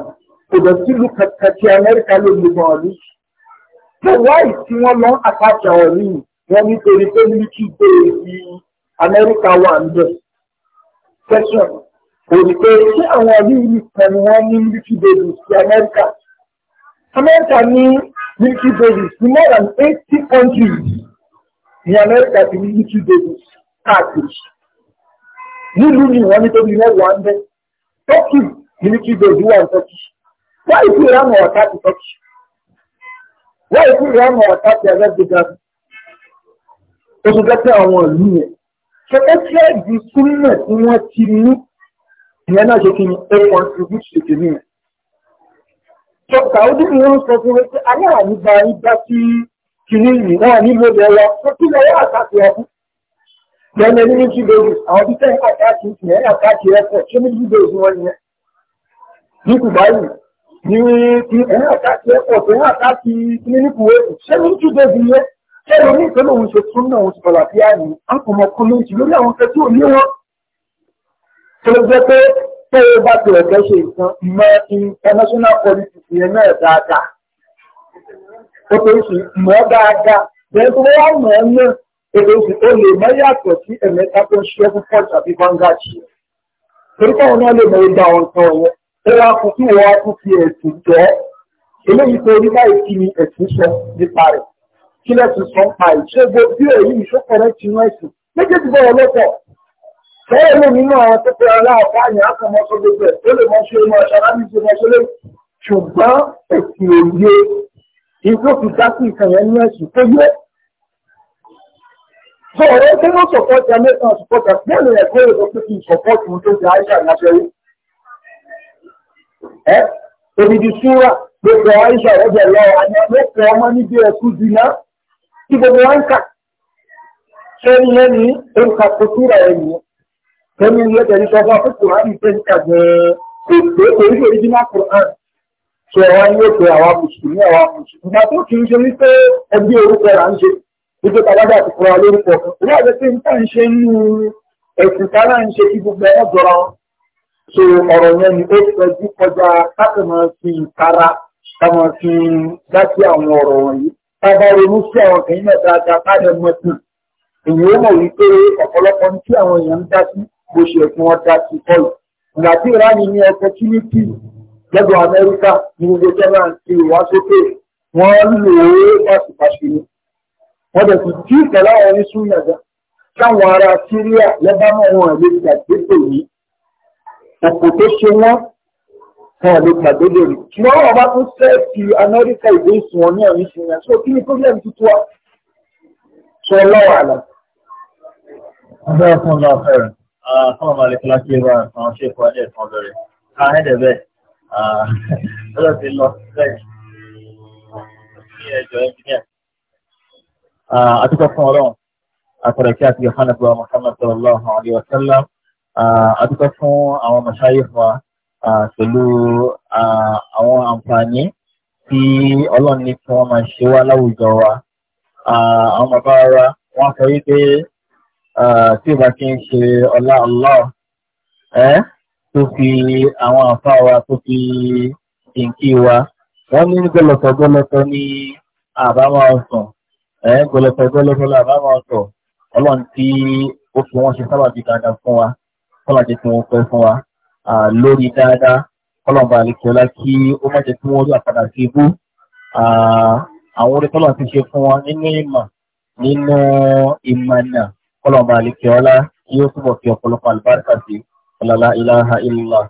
Kò dẹ̀ sílùú kankan tí Amẹ́ríkà ló gbogbo ọ̀rí. Tẹ̀wáì tí wọ́n lọ àtàkì àwọn yìí wọ́n ní torí pé mílíkì gbé ibi Amẹ́ríkà wà ń bẹ̀. Tẹ́sán kò ní pé ṣé àwọn ọ̀rí yìí kan ni wọ́n ní mílíkì gbé ibi Amẹ́ríkà. Amẹ́ríkà ní Military. babies in more than 80 countries ní Amẹ́ríkà ti ní YouTube babies káàkiri nílùú ni wọ́n ní tóbi mẹ́wàá ń bẹ́ Turkey ní YouTube babies wà ní Turkey wọ́n ìkú ìrànà ọ̀tá ti Turkey wọ́n ìkú ìrànà ọ̀tá ti Abẹ́gbẹ́gbẹ́ oṣù kẹtẹ àwọn ìlú yẹn kẹkẹtẹ ìdí súnmọ̀ tí wọ́n ti ní ìyẹn náà ṣe kí ni ó contribute to the new. Sàúdí ni ó ń sọ fún wípé aláàmúgba ìgbà tí kìíní ìwọ̀n nílò lọ́wọ́ tó kí lọ́wọ́ àtàkì ẹ̀kún. Lẹ́nu ẹni ní ṣíbẹ̀rù àwọn bí tẹ́ àtàkì ìpìlẹ̀ àtàkì ẹ̀kọ́ ṣé ní ṣíbẹ̀rù wọn ni ẹ̀. Ní Kùbáyì ni ti ẹ̀rọ àtàkì ẹ̀kọ́ tó ń àtàkì kílíníkù wẹ̀rù ṣé ní ṣíbẹ̀rù yẹ. Ṣé ní ìpínlẹ̀ òun ṣe tún náà oṣù kọlà bí àyè? Àkùnmọ̀kùnrin jù lórí àwọn fẹ́ tí ò ní wọn. Ṣé tó o bá ti ẹ̀kẹ́ ṣe nǹkan mọ international politics yẹn náà dáadáa ó tó sì mọ́ dáadáa bẹ́ẹ̀ tó wá mọ̀ ọ́ náà èdè òsì ó lè mọ́ yàtọ̀ sí ẹ̀mẹ́ta tó ń ṣiṣẹ́ fún port àbí Vanguard ṣe torí káwọn náà lè mọ ìgbà ọ̀ǹtọ̀ wọn ó wá fún kí wọ́n á tún fi ẹ̀sìn jọ eléyìí tó rí báyìí kí ni ẹ̀sìn sọ nípa rẹ̀ kí lẹ́sìn sọ ń pa ìṣègbè bí èyí ìṣókòrò ti rán ẹ̀sìn méjèèjì bọ̀ ọlọ́pọ̀ Fẹ́rẹ̀ ló nínú àwọn tó fẹ́ aláàfáà ní àkànmọ́ sọ gbogbo ẹ̀ tó lè mọ́ ṣe mọ́ ṣàlámì ṣe mọ́ ṣe lé. Ṣùgbọ́n ẹ̀sìn òye ìjọ fi dá sí ìkan yẹn ní ẹ̀sìn tó yẹ. Sọ ọ̀rọ̀ tí wọ́n sọ̀pọ̀tì Amẹ́kan sọ̀pọ̀tì àpẹẹrẹ rẹ̀ pé èso pé kí n sọ̀pọ̀tì ohun tó ti Aisha lábẹ́rí. Ẹ odidi súra gbogbo Aisha rẹ̀ lọ àná lọ́pọ̀ ọmọ níbi ẹ̀kú jìnnà tí gbogbo wa kẹ́mi ń lẹ́tẹ̀ẹ́ ní sọ́fà fún kùránì tẹ́ ń kà gan-an kò pé orí oríjìnà kùránì ṣe àwa ní òkè àwa mùsùlùmí àwa mùsùlùmí ìgbà tó kì í ṣe wípé ẹgbẹ́ orúkọ là ń ṣe wípé tàbádà ti fura lórúkọ ìwé àti pé nǹkan ń ṣe nínú ẹ̀sìn tára ń ṣe kí gbogbo ẹ̀ jọra so ọ̀rọ̀ yẹn ni ó fẹjú kọjá káfí máa fi ìtara ká máa fi dá sí àwọn ọ̀rọ̀ wọ̀nyí tábà ronú sí àwọn kẹ́yìn náà dáadáa ká lè mọ̀ tán èyí ó mọ̀ wípé ọ̀pọ̀lọpọ̀ ní tí àwọn èèyàn ń dá sí bó ṣe ẹ̀kún wọn dá sí kọ́lù. ìgbà tí ìránì ní opportunity lọ́dọ̀ amẹ́ríkà ní ilé jẹ́nà ti wá sókè wọ́n lò ó báṣubàṣu ni. wọ́n dẹ̀ sì tí ìtẹ̀lá wọn ní súnyàgá táwọn ará síríà lẹ́bàmọ́ wọn lè gbàgbé yìí òkò tó ṣe wọ́n wọn lè gbàgbé lórí. ṣùgbọ́n wọn bá tún fẹ́ fi amẹ́ríkà ìwé ìsìn wọn ní ọ̀rí ìsìn yẹn so kí ni problem tuntun wa sọ lọ́wọ́ àlọ́. ọ̀dọ́ ọkùnrin náà fẹ́ràn. Ah, fọ́nà balẹ̀kọ́lá ṣe wà àwọn ṣe kọ́ ẹ̀ kan lọ́rẹ̀ ká ẹ̀dẹ̀ bẹ́ẹ̀ lọ́dọ̀ ti lọ bẹ́ẹ̀ ní ẹjọ́ ẹnjìníà àdúgbò fún ọlọ́run àkọ̀rẹ̀kí àti yohane bọ́ Muhammad sallallahu alayhi wa sallam àdúgbò ah, fún àwọn mọ̀ṣáyé wa ah, pẹ̀lú àwọn àǹfààní tí ọlọ́run ní kí wọ́n máa ṣe wá láwùjọ wa àwọn bàbá wa wọ́n sọ wípé Ah, tí ó bá kí ń ṣe ọlá Allah ẹ́ eh, tó fi àwọn àfa wa tó fi kìnkì wa wọ́n ní gbọ́lọ̀tọ̀ gbọ́lọ̀tọ̀ ní àbámọ́ ọ̀sán ẹ́ eh, gbọ́lọ̀tọ̀ gbọ́lọ̀tọ̀ ní àbámọ́ ọ̀sán ọlọ́run tí ó fi wọ́n ṣe sábàbí dáadáa fún wa kọ́lọ́n jẹ́ kí wọ́n pẹ́ fún wa lórí dáadáa kọ́lọ́n bá lè kí ọlá kí ó má jẹ́ kí wọ́n rí àpàdà sí ibú àwọn orí kọ́lọ́n ti ṣe fún wa nínú ìmọ̀ nínú ìmọ̀ náà kọ́lọ̀ ọba àlekẹ́ ọlá yóò túbọ̀ fi ọ̀pọ̀lọpọ̀ àlùbáríkà sí ọ̀làlá ilaha illallah